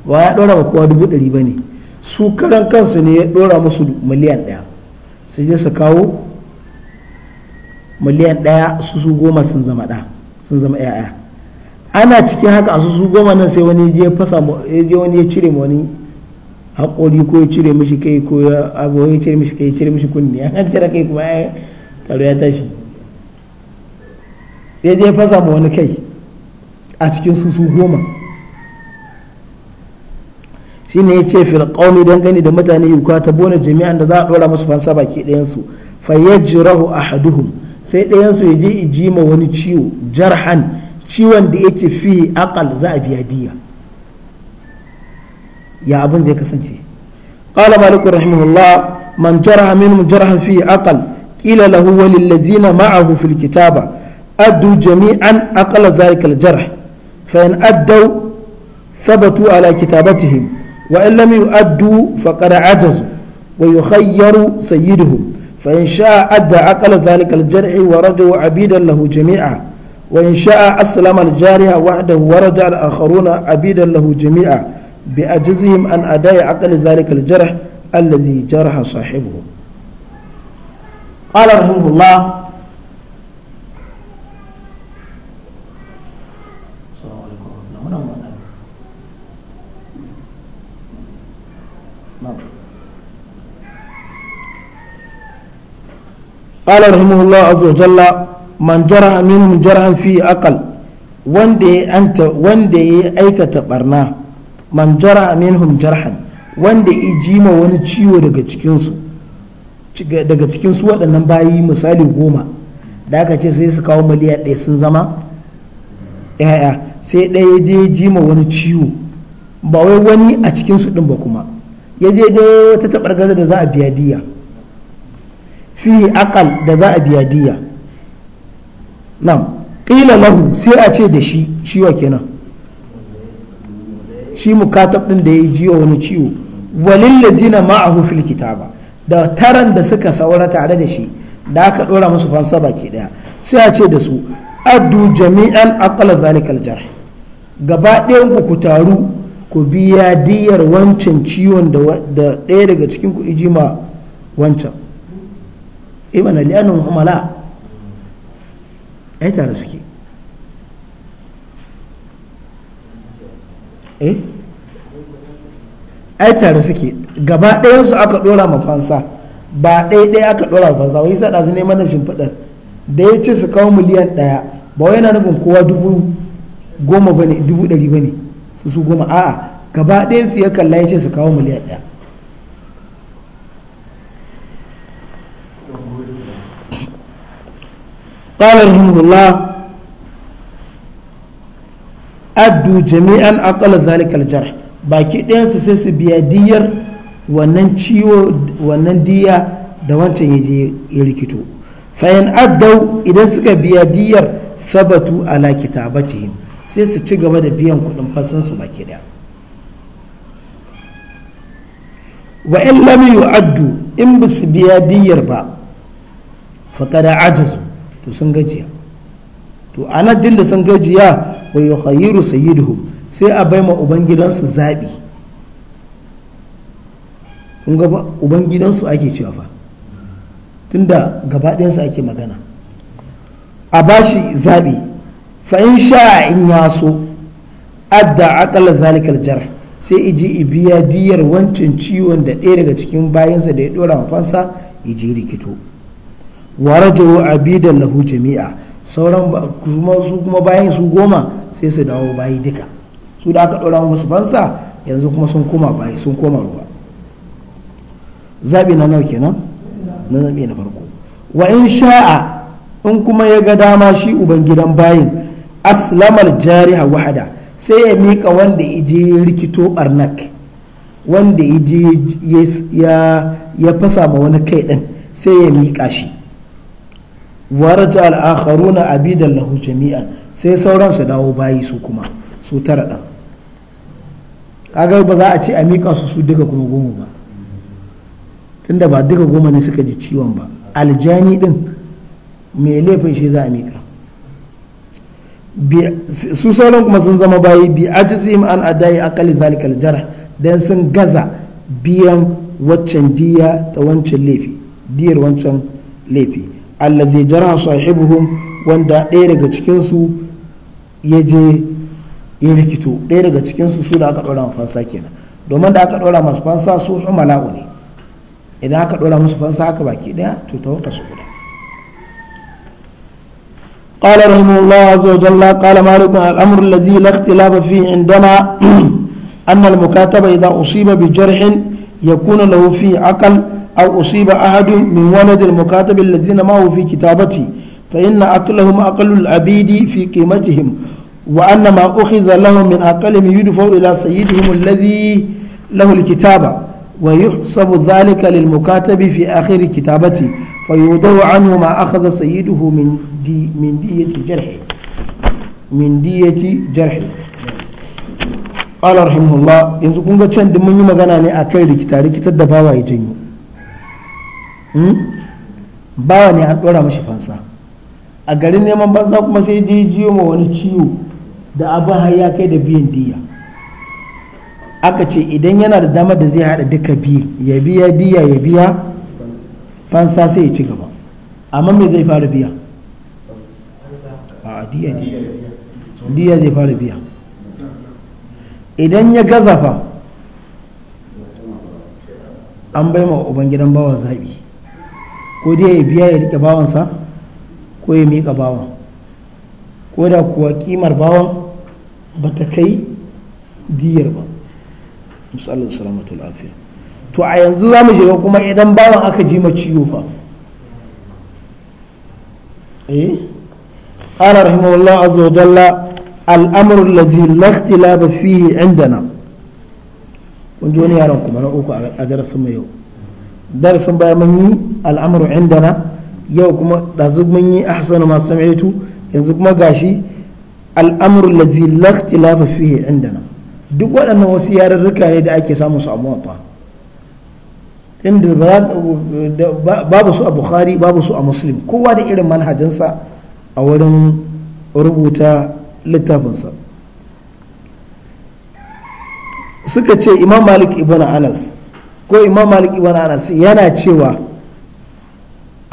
ba ya ɗora ma kowa dubu ɗari ba ne su karan kansu ne ya ɗora musu miliyan ɗaya sai je su kawo miliyan ɗaya su su goma sun zama ɗa sun zama ƴaƴa ana cikin haka a su su goma nan sai wani je fasa je wani ya cire wani haƙori ko ya cire mishi kai ko ya abu ya cire mishi kai ya cire mishi kunni an cire kai kuma ya karo ya tashi ya je fasa ma wani kai a cikin su su goma ne ya ce fil don gani da mutane yuka ta bone jami'an da za a dora musu fansa baki ɗayan su fayyajirahu ahaduhum sai ɗayan su ya je iji ma wani ciwo jarhan ciwon da yake fi akal za a biya diya ya abin zai kasance qala malik rahimahullah man jaraha minhum jarhan fi akal ƙila lahu walil ladzina ma'ahu fil kitaba addu jami'an aqala dhalika al jarh fa in addu ثبتوا على كتابتهم وإن لم يؤدوا فقد عجزوا ويخير سيدهم فإن شاء أدى عقل ذلك الجرح ورده عبيدا له جميعا وإن شاء أسلم الجارح وحده ورجع الآخرون عبيدا له جميعا بأجزهم أن أداء عقل ذلك الجرح الذي جرح صاحبه قال رحمه الله قال رحمه الله عز وجل من جرح منهم جرحا في أقل وندي أنت وندي أيك تبرنا من جرح منهم جرحا wanda ya ji ma wani ciwo daga cikinsu su cikinsu waɗannan bayi misali goma da aka ce sai su kawo miliyan ɗaya sun zama yaya sai ɗaya yaje jima wani ciwo ba wai wani a cikinsu ɗin ba kuma yaje wata taɓar gaza da za a biya diya fihi aqal da za a biya diya nan ƙila lahu sai a ce da shi shi wa kenan shi mukatab ɗin da ya yi ji wani ciwo walil ladina ma'ahu fil kitaba da taran da suka saura tare da shi da aka ɗora musu fansa baki ɗaya sai a ce da su addu jami'an akala zalikal jarh gaba ɗayan ku ku taru ku biya diyar wancan ciwon da ɗaya daga cikin ku ijima wancan imana eh, umala ya yi tare suke eh ai tare suke gaba ɗayansu aka ɗora ma fansa ba ɗaya ɗaya aka ɗora ma fansa wai saɗa su neman da shimfiɗar da ya ce su kawo miliyan ɗaya ba wai yana nufin kowa dubu goma ba ne dubu ɗari ba ne su su goma a'a gaba ɗayansu ya kalla ya ce su kawo miliyan ɗaya قال رحمه الله addu jami'an aqala zalika aljarh baki ɗayan sai su biya diyar wannan ciwo wannan diya da wancan ya je ya rikito fa idan suka biya diyar sabatu ala kitabatihim sai su ci gaba da biyan kuɗin fasan ba baki ɗaya wa in lam yu'addu in ba biya diyar ba fa kada ajazu to sun gajiya to ana jin da sun gajiya wa yukhayyiru sayyiduhum sai a bai ma ubangidansu zaɓi kun ga ubangidansu ake cewa fa tunda gaba ɗayansu ake magana a ba shi zaɓi fa in sha in ya so adda aqal zalikal jar sai iji ibiya diyar wancan ciwon da ɗaya daga cikin bayansa da ya ɗora mafansa iji rikito wa rajulu abidan lahu jami'a sauran kuma su kuma bayan su goma sai su dawo bayi duka su da aka ɗora musu fansa yanzu kuma sun koma bayi sun koma ruwa zaɓi na nawa kenan na zaɓi na farko wa in sha'a in kuma ya ga dama shi ubangidan bayin aslamal jariha wahada sai ya mika wanda ije rikito barnak wanda ije ya fasa ma wani kai ɗin sai ya mika shi waraja al'akharuna abidan lahu jami'an sai sauran su dawo bayi su kuma su tara ɗan kaga ba za a ce a miƙa su su duka kuma goma ba tunda ba duka goma ne suka ji ciwon ba aljani ɗin mai laifin shi za a miƙa su sauran kuma sun zama bayi bi ajizim an adai akali zalikal jarh dan sun gaza biyan waccan diya ta wancan laifi diyar wancan laifi allazi jara sahibuhum wanda ɗaya daga cikinsu ya je ya rikito ɗaya daga cikinsu su da aka ɗora masu fansa kenan domin da aka ɗora masu fansa su humala'u ne idan aka ɗora masu fansa aka baki ɗaya to ta wata su guda قال رحمه الله عز وجل قال مالك الأمر الذي لا اختلاف فيه عندنا أن المكاتب إذا أصيب بجرح يكون له فيه عقل أو أصيب أحد من ولد المكاتب الذين معه في كتابتي فإن أقلهم أقل العبيد في قيمتهم وأن ما أخذ لهم من أقلهم يدفع إلى سيدهم الذي له الكتابة ويحسب ذلك للمكاتب في آخر كتابته فيوضع عنه ما أخذ سيده من دي من دية جرحه من دية جرحه قال رحمه الله إن كنت تشند من يوم أكل كتاب كتاب دفاع يجنيه Hmm? bawa ne an ɗora mashi fansa a garin neman fansa kuma sai ji jiyo ma wani ciwo da abin har ya kai da biyan diya aka ce idan yana da damar da zai haɗa duka biyu ya biya diya ya biya fansa sai ya ci gaba amma me zai fara biya a diya diya zai fara biya idan ya gaza fa an bai ma ubangidan bawa zaɓi ko dai ya biya ya rike bawansa ko ya miƙa bawan ko da kuwa kimar bawan ba ta kai diyar ba musallar salamatul afiya to a yanzu za mu shiga kuma idan bawan aka ji ma ciwo fa eh قال رحمه الله عز وجل الأمر الذي لا اختلاف فيه عندنا ونجوني يا رب كما نقول أدرس يوم darasin baya mun yi al'amuru indana yau kuma ɗazu mun yi ahsanu ma sami'tu yanzu kuma gashi al'amuru lazi lakhtilafa fihi indana duk waɗannan wasu yarurruka ne da ake samun su a muwatta inda babu su a bukhari babu su a muslim kowa da irin manhajansa a wurin rubuta littafinsa suka ce imam malik ibn anas ko imam malik ibn anas yana cewa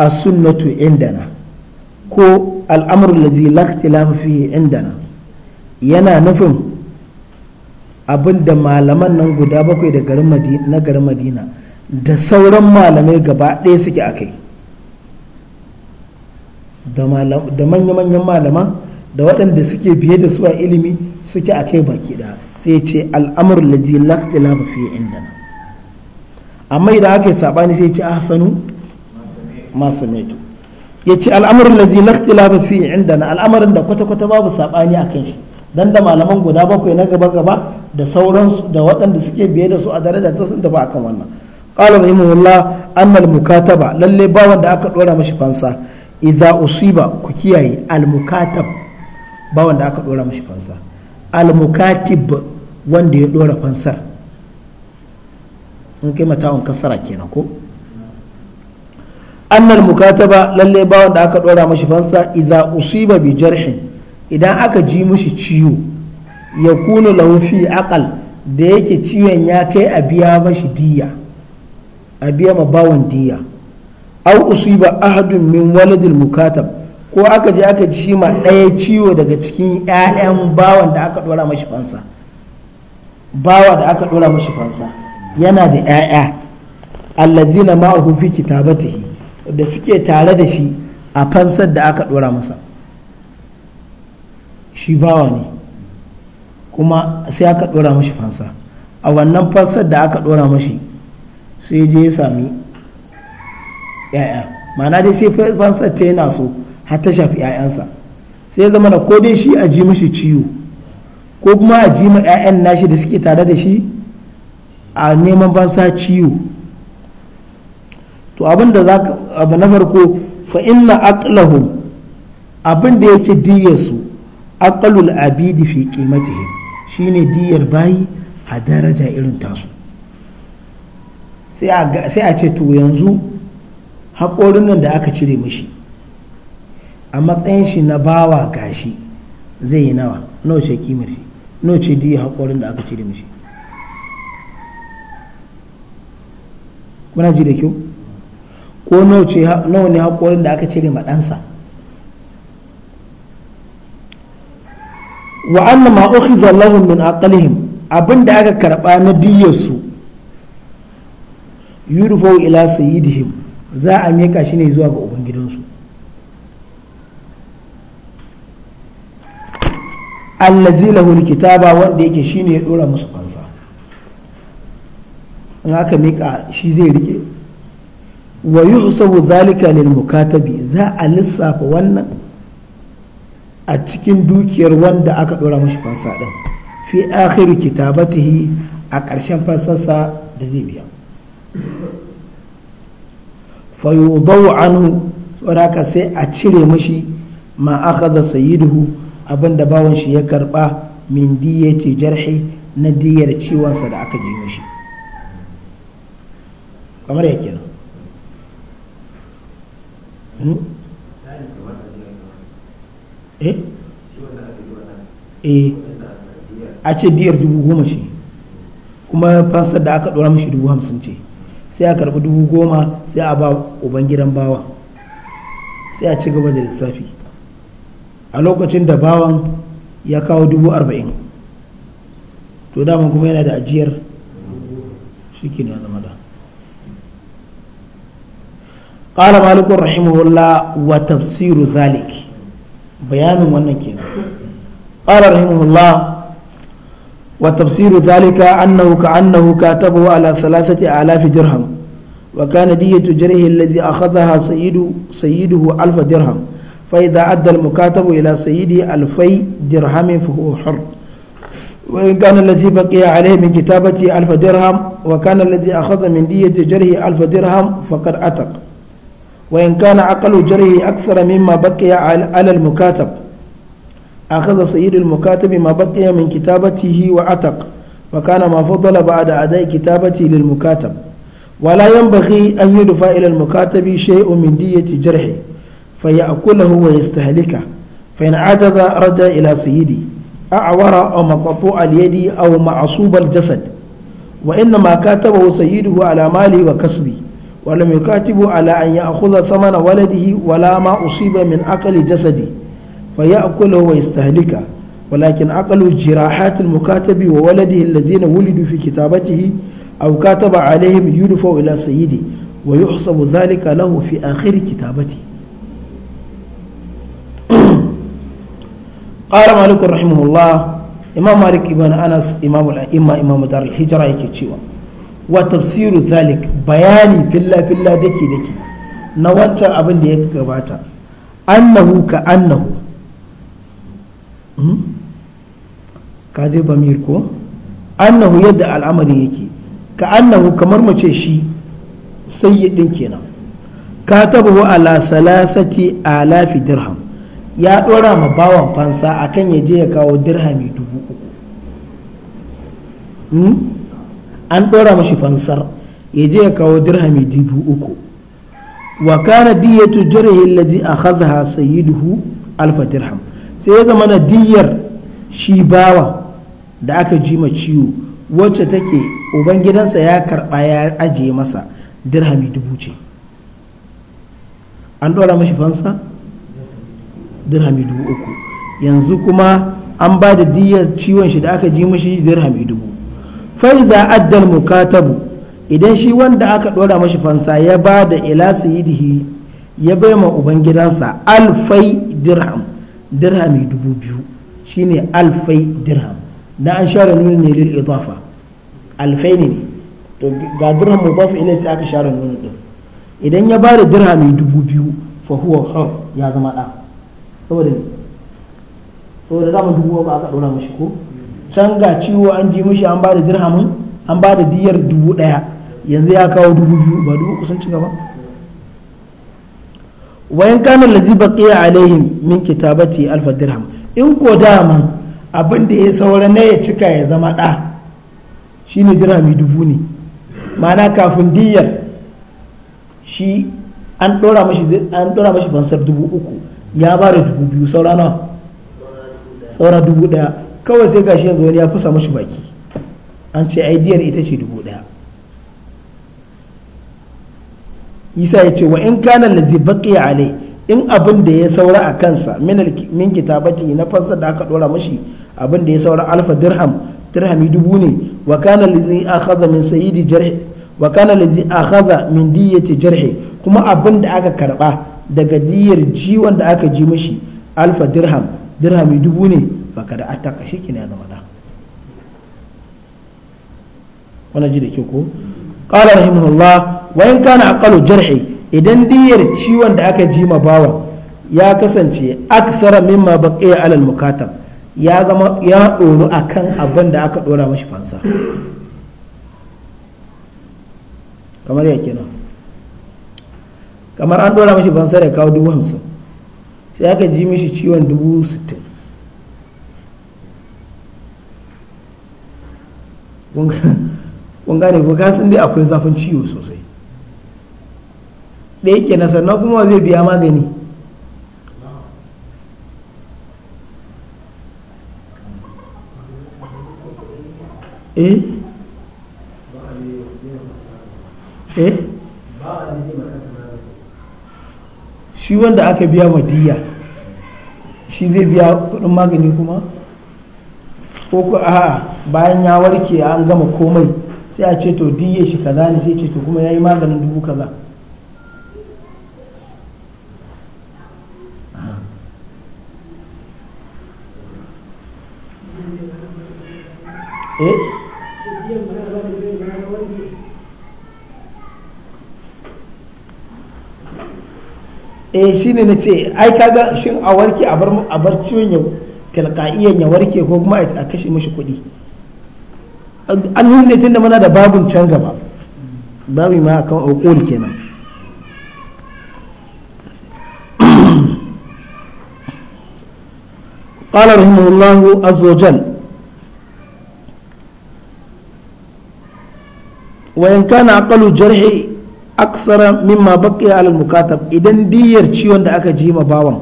a sunnatu indana ko al'amur lazi laktilafa fihi indana yana nufin abin da malaman nan guda bakwai na garin madina da sauran malamai gaba ɗaya suke a kai da manya-manyan malaman da waɗanda suke biye da su a ilimi suke a kai baki ɗaya sai ce al'amur lazi laktilafa fihi indana amma idan aka yi sabani sai ya ce ahsanu ma sami'tu ya ce al'amarin lazi la ikhtilafa fi indana al'amarin da kwata kwata babu sabani kan shi dan da malaman guda bakwai na gaba gaba da sauransu da waɗanda suke biye da su a daraja ta sun tafi akan wannan qala rahimahullah anna al-mukataba lalle ba wanda aka dora mashi fansa idza usiba ku kiyaye al-mukatab ba wanda aka dora mashi fansa al-mukatib wanda ya dora fansar in kai matawan kasara kenan ko annal mukataba lalle bawan da aka dora mashi fansa idza usiba bi jarhin idan aka ji mashi ciwo ya kunu lahu fi aqal da yake ciwon ya kai a biya mashi diya a biya ma bawan diya aw usiba ahadun min waladil mukatab ko aka je aka ji shi ma ɗaya ciwo daga cikin 'ya'yan bawan da aka dora mashi fansa bawa da aka dora mashi fansa yana da 'ya'ya allazina ma'ahu fi kitabatihi da suke tare da shi a fansar da aka dora masa shi bawa ne kuma sai aka dora mashi fansa a wannan fansar da aka dora mashi sai je ya sami 'ya'ya ma'ana dai sai fansar ta yana so har ta shafi 'ya'yansa sai zama da ko dai shi a ji mashi ciwo ko kuma a ji ma 'ya'yan nashi da suke tare da shi a neman sa ciwo to abin da za ka abu na farko fa inna aqlahum abin da yake diyarsu aqlul abidi fi qimatihi shine diyar bayi a daraja irin tasu sai a ce to yanzu haƙorin nan da aka cire mishi a matsayin shi na bawa gashi zai yi nawa nawa ce kimar shi nawa ce diya haƙorin da aka cire mishi kuna ji da kyau ko nawa ne haƙorin da aka cire ma ɗansa wa anna ma ukhidha min abinda aka karɓa na diyyarsu yurufo ila sayidihim za a mika shi ne zuwa ga ubangidansu allazi lahu alkitaba wanda yake shine ya dora musu kansa in aka miƙa shi zai rike wa yuhsabu zalika lil mukatabi za a lissafa wannan a cikin dukiyar wanda aka dora mashi fansa ɗin fi akhir kitabatihi a ƙarshen fansarsa da zai biya fa zau anhu tsoraka sai a cire mashi ma da sayyiduhu abinda bawan shi ya karɓa min diyati jarhi na diyar ciwonsa da aka ji mashi kamar ya kenan hmm? eh? Eh, a ce diyar dubu goma ce kuma fansar da aka ɗora mashi dubu hamsin ce sai a karɓi dubu goma sai a ba ubangidan bawa bawan sai a ci gaba da lissafi a lokacin da bawan ya kawo dubu arba'in to daman kuma yana da ajiyar shi ke zama qala malik rahimahullah wa tafsiru zalik bayanin wannan kenan qala rahimahullah وتفسير ذلك أنه كأنه كاتبه على ثلاثة آلاف درهم وكان دية جره الذي أخذها سيد سيده ألف درهم فإذا أدى المكاتب إلى سيده ألفي درهم فهو حر وإن كان الذي بقي عليه من كتابته ألف درهم وكان الذي أخذ من دية جره ألف درهم فقد أتق وإن كان عقل جره أكثر مما بقي على المكاتب أخذ سيد المكاتب ما بقي من كتابته وعتق وكان ما فضل بعد أداء كتابته للمكاتب ولا ينبغي أن يدفع إلى المكاتب شيء من دية جرحه فيأكله ويستهلكه فإن عجز رجع إلى سيدي أعور أو مقطوع اليد أو معصوب الجسد وإنما كاتبه سيده على ماله وكسبه ولم يكاتب على أن يأخذ ثمن ولده ولا ما أصيب من أكل جسده فيأكله ويستهلكه ولكن أكل جراحات المكاتب وولده الذين ولدوا في كتابته أو كاتب عليهم يدفع إلى سيده ويحسب ذلك له في آخر كتابته قال مالك رحمه الله إمام مالك ابن أنس إمام الأئمة إمام دار الحجرة يكي wa tafsiru zalik bayani filla filla dake dake na wancan abin da ya gabata annahu ka annahu hmm? ka je zamir ko annahu yadda al'amari yake ka annahu kamar mace shi sayyidin kenan ka wa ala salasati alafi dirham ya dora ma bawan fansa akan ya je ya kawo dirhami dubu uku hmm? an ɗora mashi fansar ya je ya kawo dirhami dubu uku wa kana diyatu jarhi alladhi akhadha sayyiduhu alfa dirham sai ya zama na diyar shi bawa da aka ji ma ciwo wacce take ubangidansa ya karba ya ajiye masa dirhami dubu ce an ɗora mashi fansa dirhami dubu uku yanzu kuma an ba da diyar ciwon shi da aka ji mashi dirhami dubu faiza addal mukatabu idan shi wanda aka ɗora mashi fansa ya ba da ila sayidihi ya bai ma ubangidansa alfai dirham dirhami dubu biyu shine alfai dirham na an share nuna ne lil idafa alfai ne to ga dirham mudaf ilai sai aka share nuna din idan ya bada dirhami dubu biyu fa huwa hur ya zama da saboda saboda dama dubu ba aka dora mashi ko can ga ciwo an ji mishi an ba da dirhamin an ba da diyar dubu daya yanzu ya kawo dubu biyu ba dubu kusan ci gaba wayan kana lazi baqiya alaihim min kitabati alfa dirham in ko daman abin da ya saura na ya cika ya zama ɗa shine dirhami dubu ne ma'ana kafin diyar shi an ɗora mashi an mashi fansar dubu uku ya ba da dubu biyu saura nawa saura dubu daya. kawai sai gashi yanzu wani ya fusa mashi baki an ce aidiyar ita ce dubu daya isa ya ce wa in kana ladhi baqiya alai in abin da ya saura a kansa min kitabati na fasa da aka ɗora mashi abin da ya saura alfa dirham dirhami dubu ne wa kana ladhi akhadha min sayyidi jarh wa kana akhadha min kuma abin da aka karba daga diyar jiwon da aka ji mashi alfa dirham dirhami dubu ne fakada ataka shi kina zama da wani ji da ke ko qala rahimahullah wa in kana aqalu jarhi idan diyar ciwon da aka ji ma ya kasance aksara mimma baqiya alal mukatab ya zama ya doro akan abin da aka dora mashi fansa kamar ya kenan kamar an dora mashi fansa da kawo dubu hamsin sai aka ji mishi ciwon dubu sittin kun gane ko kasan dai akwai zafin ciwo sosai da yake na sannan kuma zai biya magani eh eh shi wanda aka biya wa diya shi zai biya kudin magani kuma ko ku aha bayan ya warke an gama komai sai a ce to diye shi kaza ne sai ce to kuma yayi maganin dubu kaza eh, eh shi ne na ce ai kaga shin a warke a bar ciwon yau tilqa'iyan ya warke ko kuma a kashe mashi kuɗi an nuna da muna da babun can gaba babu ma akan alkohol kenan قال رحمه الله عز وجل وإن كان أقل الجرح أكثر مما بقي على المكاتب إذن دير تشيون دا أكا جيما باوان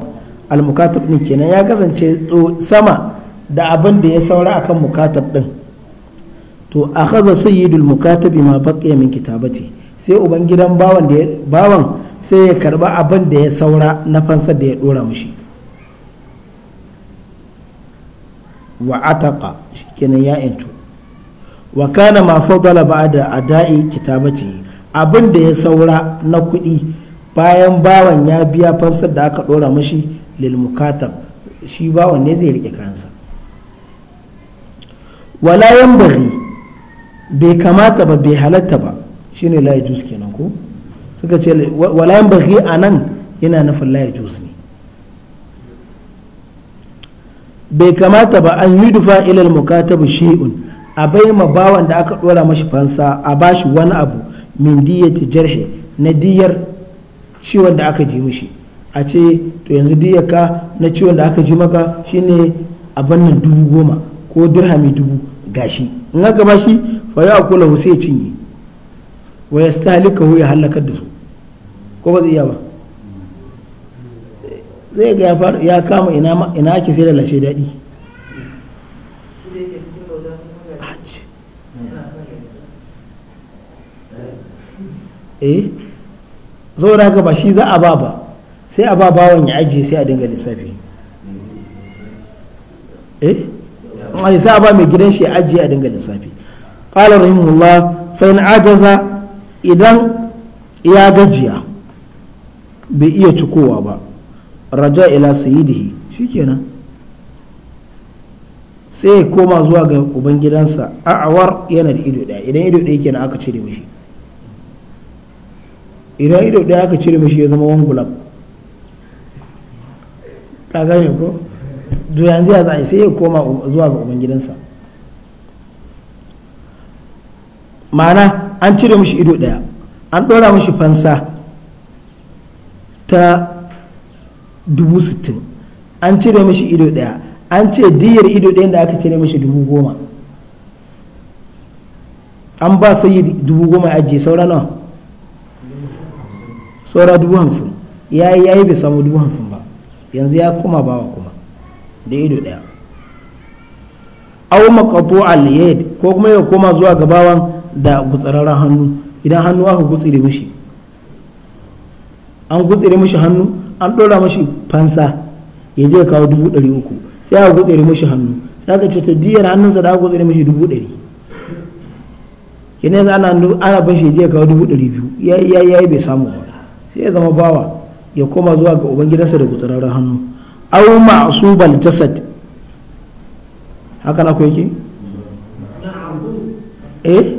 almukatab ɗin kenan ya kasance sama da abin da ya saura akan mukatab ɗin to a akhadha sayyidul mukatab ma baqiya min kitabati sai uban bawan bawan sai ya karba abin da ya saura na fansar da ya dora mushi wa ataqa shikenan ya intu wa kana ma fadala ba'da ada'i kitabati abin da ya saura na kuɗi bayan bawan ya biya fansar da aka ɗora mushi lil mukatab shi ba wanne zai rike kansa wala yanbaghi bai kamata ba bai halatta ba shine la yajuz kenan ko suka ce wala yanbaghi anan yana nufin la yajuz ne bai kamata ba an yi dufa ilal mukatabu shay'un a bai ma bawan da aka dora mashi fansa a bashi wani abu min diyyati jarhi na diyar ciwon da aka ji mishi a ce to yanzu diyaka na ciwon da aka ji maka shine abin nan dubu goma ko dirhami dubu gashi in aka ba shi fa ya kula sai cinye wa yastahlika ya halakar da su ko ba zai iya ba zai ga ya kama ina ake sai da lashe daɗi eh saboda haka ba shi za a ba ba sai a ba bawan ya ajiye sai a dinga lissafi eh ai sai a ba mai gidan shi ya ajiye a dinga lissafi qala rahimullah fa in ajaza idan ya gajiya bai iya cikowa ba raja ila sayyidihi shikenan sai ya koma zuwa ga uban gidansa awar yana da ido daya idan ido daya kenan aka cire mishi idan ido daya aka cire mishi ya zama wangulab ka gane ko to yanzu ya za sai ya koma zuwa ga ubangidansa ma'ana an cire mishi ido daya an ɗora mishi fansa ta dubu sittin an cire mishi ido daya an ce diyar ido ɗayan da aka cire mishi dubu goma an ba sai dubu goma ajiye saura nawa saura dubu hamsin ya yi ya yi bai samu dubu hamsin yanzu ya kuma bawa kuma da ido daya aw maqtu al yad ko kuma ya koma zuwa ga bawan da gutsararren hannu idan hannu aka gutsire mishi an gutsire mishi hannu an dora mishi fansa ya je kawo dubu ɗari uku sai aka gutsire mishi hannu sai aka ce to diyar hannunsa da aka gutsire mishi dubu ɗari kenan yanzu ana ana bin ya je kawo dubu ɗari biyu ya yi bai samu ba sai ya zama bawa ya koma zuwa ga ubangidansa da gutsararren hannu au ma'subal jasad haka na ku yake eh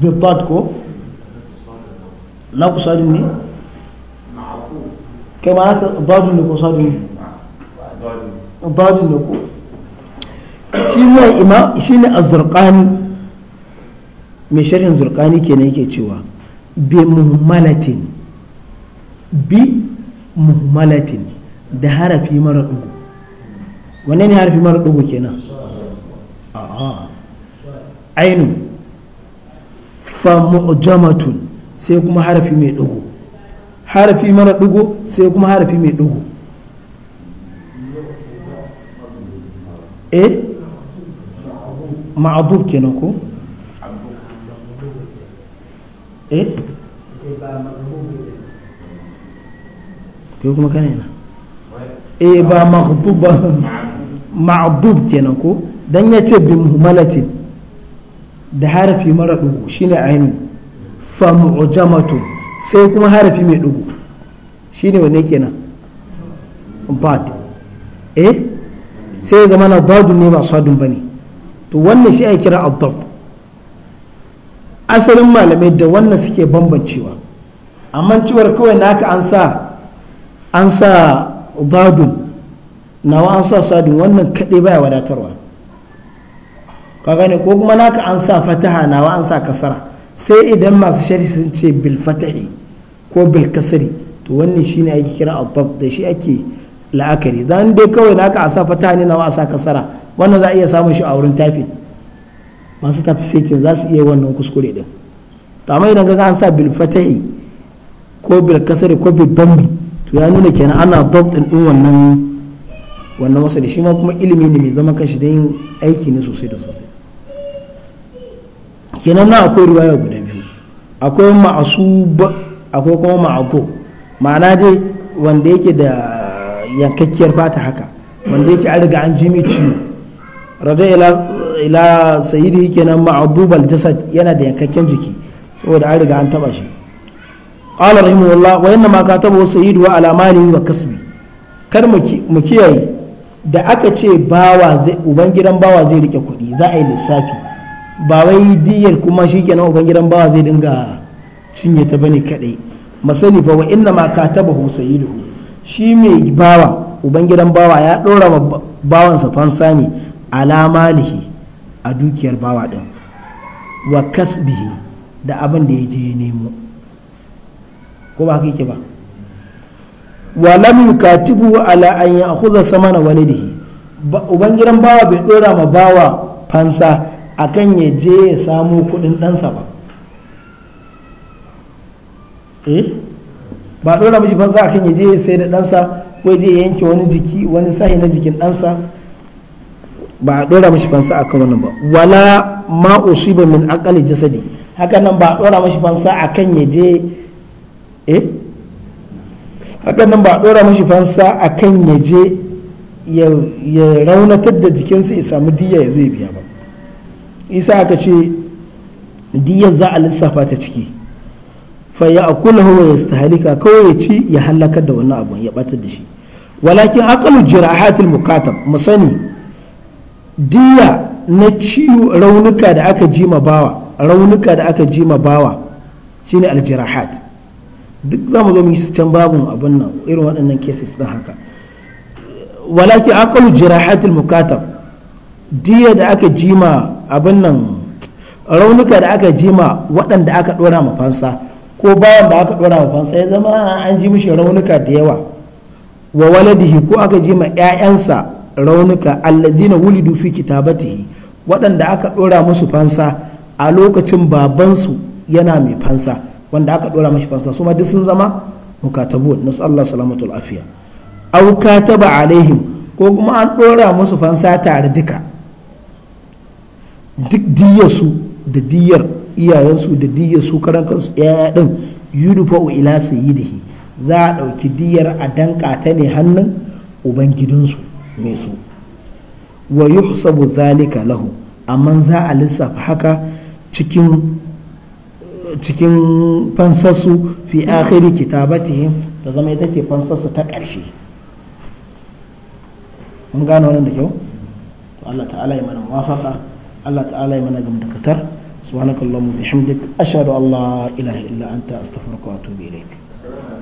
bitat ko na ku sadu ne kai ma haka dadu ne ko sadu ne dadu ne ko shi ne ima shi ne zurkani mai sharhin ke ne yake cewa bi malatin. bi muhmalatin da harafi mara ɗugu wane ne harafi mara ɗugu kenan ainu fa mu'jamatun sai kuma harafi mai ɗugu harafi mara ɗugu sai kuma harafi mai ɗugu eh ma'adub kenan ko eh kai kuma kana yana eh ba maghdub ba ma'dub kenan ko dan bi muhmalatin da harafi mara dugu shine ainu fa sai kuma harafi mai dugu shine wanne kenan bad eh sai zama na ne ba sadun bane to wannan shi ake kira asalin malamai da wannan suke bambancewa amma ciwar kawai naka an sa an sa dadun nawa an sa sadun wannan kaɗai baya wadatarwa ka gane ko kuma naka an sa fataha nawa an sa kasara sai idan masu shari sun ce bil fatahi ko bil kasari to wannan shine ake kira al da shi ake la'akari dan dai kawai naka a sa fataha ne nawa a sa kasara wannan za a iya samun shi a wurin tafi masu tafi sai za su iya wannan kuskure din to amma idan ka an sa bil fatahi ko bil kasari ko bil dambi to ya nuna kenan ana dabtin din wannan wannan da shi ma kuma ilimi ne mai zama kashi don aiki ne sosai da sosai kenan na akwai riwaya guda biyu akwai akwai kuma ma'ato ma'ana dai wanda yake da yankakkiyar fata haka wanda yake an riga an jimici ciwo raja ila sayidi kenan ma'adubal jasad yana da yankakken jiki saboda an riga an taba shi qala rahimahullah wa innama katabahu sayyidu wa ala malihi wa kasbi kar mu kiyai da aka ce bawa zai ubangidan bawa zai rike kuɗi za a yi lissafi ba wai diyar kuma shikenan ubangidan bawa zai dinga cinye ta bane kadai masani fa wa innama katabahu sayyidu shi mai bawa ubangidan bawa ya dora bawansa fansa ne ala malihi a dukiyar bawa din wa kasbihi da abin da ya je nemo ko ba haka ba wa lam yukatibu ala an ya'khudha samana walidihi ubangiran bawa bai dora ma bawa fansa akan ya je ya samu kudin ɗansa ba eh ba dora mishi fansa akan ya je ya sai da ɗansa ko je ya yanke wani jiki wani sahi na jikin ɗansa ba a dora mishi fansa akan wannan ba wala ma usiba min aqali jasadi haka nan ba a dora mishi fansa akan ya je eh hakan nan ba a ɗora mashi fansa a kan ya je ya raunatar da jikinsa ya samu diya ya zo ya biya ba isa aka ce diyar za a lissafa ta ciki fa ya akula hawa ya stahalika kawai ya ci ya hallakar da wannan abun ya batar da shi walakin akalu jirahatil mukatab mu sani diya na ciwo raunuka da aka jima bawa raunuka da aka jima bawa shine aljirahat duk za mu zo mu yi can babu abin nan irin waɗannan cases ɗin haka walaki akalu jirahatil mukatab diya da aka jima abin nan raunuka da aka jima waɗanda aka ɗora ma fansa ko bayan ba aka ɗora ma fansa ya zama an ji mishi raunuka da yawa wa waladihi ko aka jima ƴaƴansa raunuka alladhina wulidu fi kitabatihi waɗanda aka ɗora musu fansa a lokacin babansu yana mai fansa wanda aka dora mashi fansa su ma duk sun zama mukatabun na Allah salamatu afiya aw kataba alaihim ko kuma an dora musu fansa tare duka duk diyarsu da diyar iyayensu da diyar su karan kansu din yudufa wa ila sayyidihi za a ɗauki diyar a danka ta ne hannun ubangidinsu mai su wa yuhsabu zalika lahu amma za a lissafa haka cikin cikin fansarsu fi akhiri kitabatihim ta zama ita ke fansarsu ta ƙarshe mun gane wannan da kyau to Allah ta'ala ya mana muwafaqa Allah ta'ala ya mana gamdakatar subhanakallahumma bihamdik ashhadu an la ilaha illa anta astaghfiruka wa atubu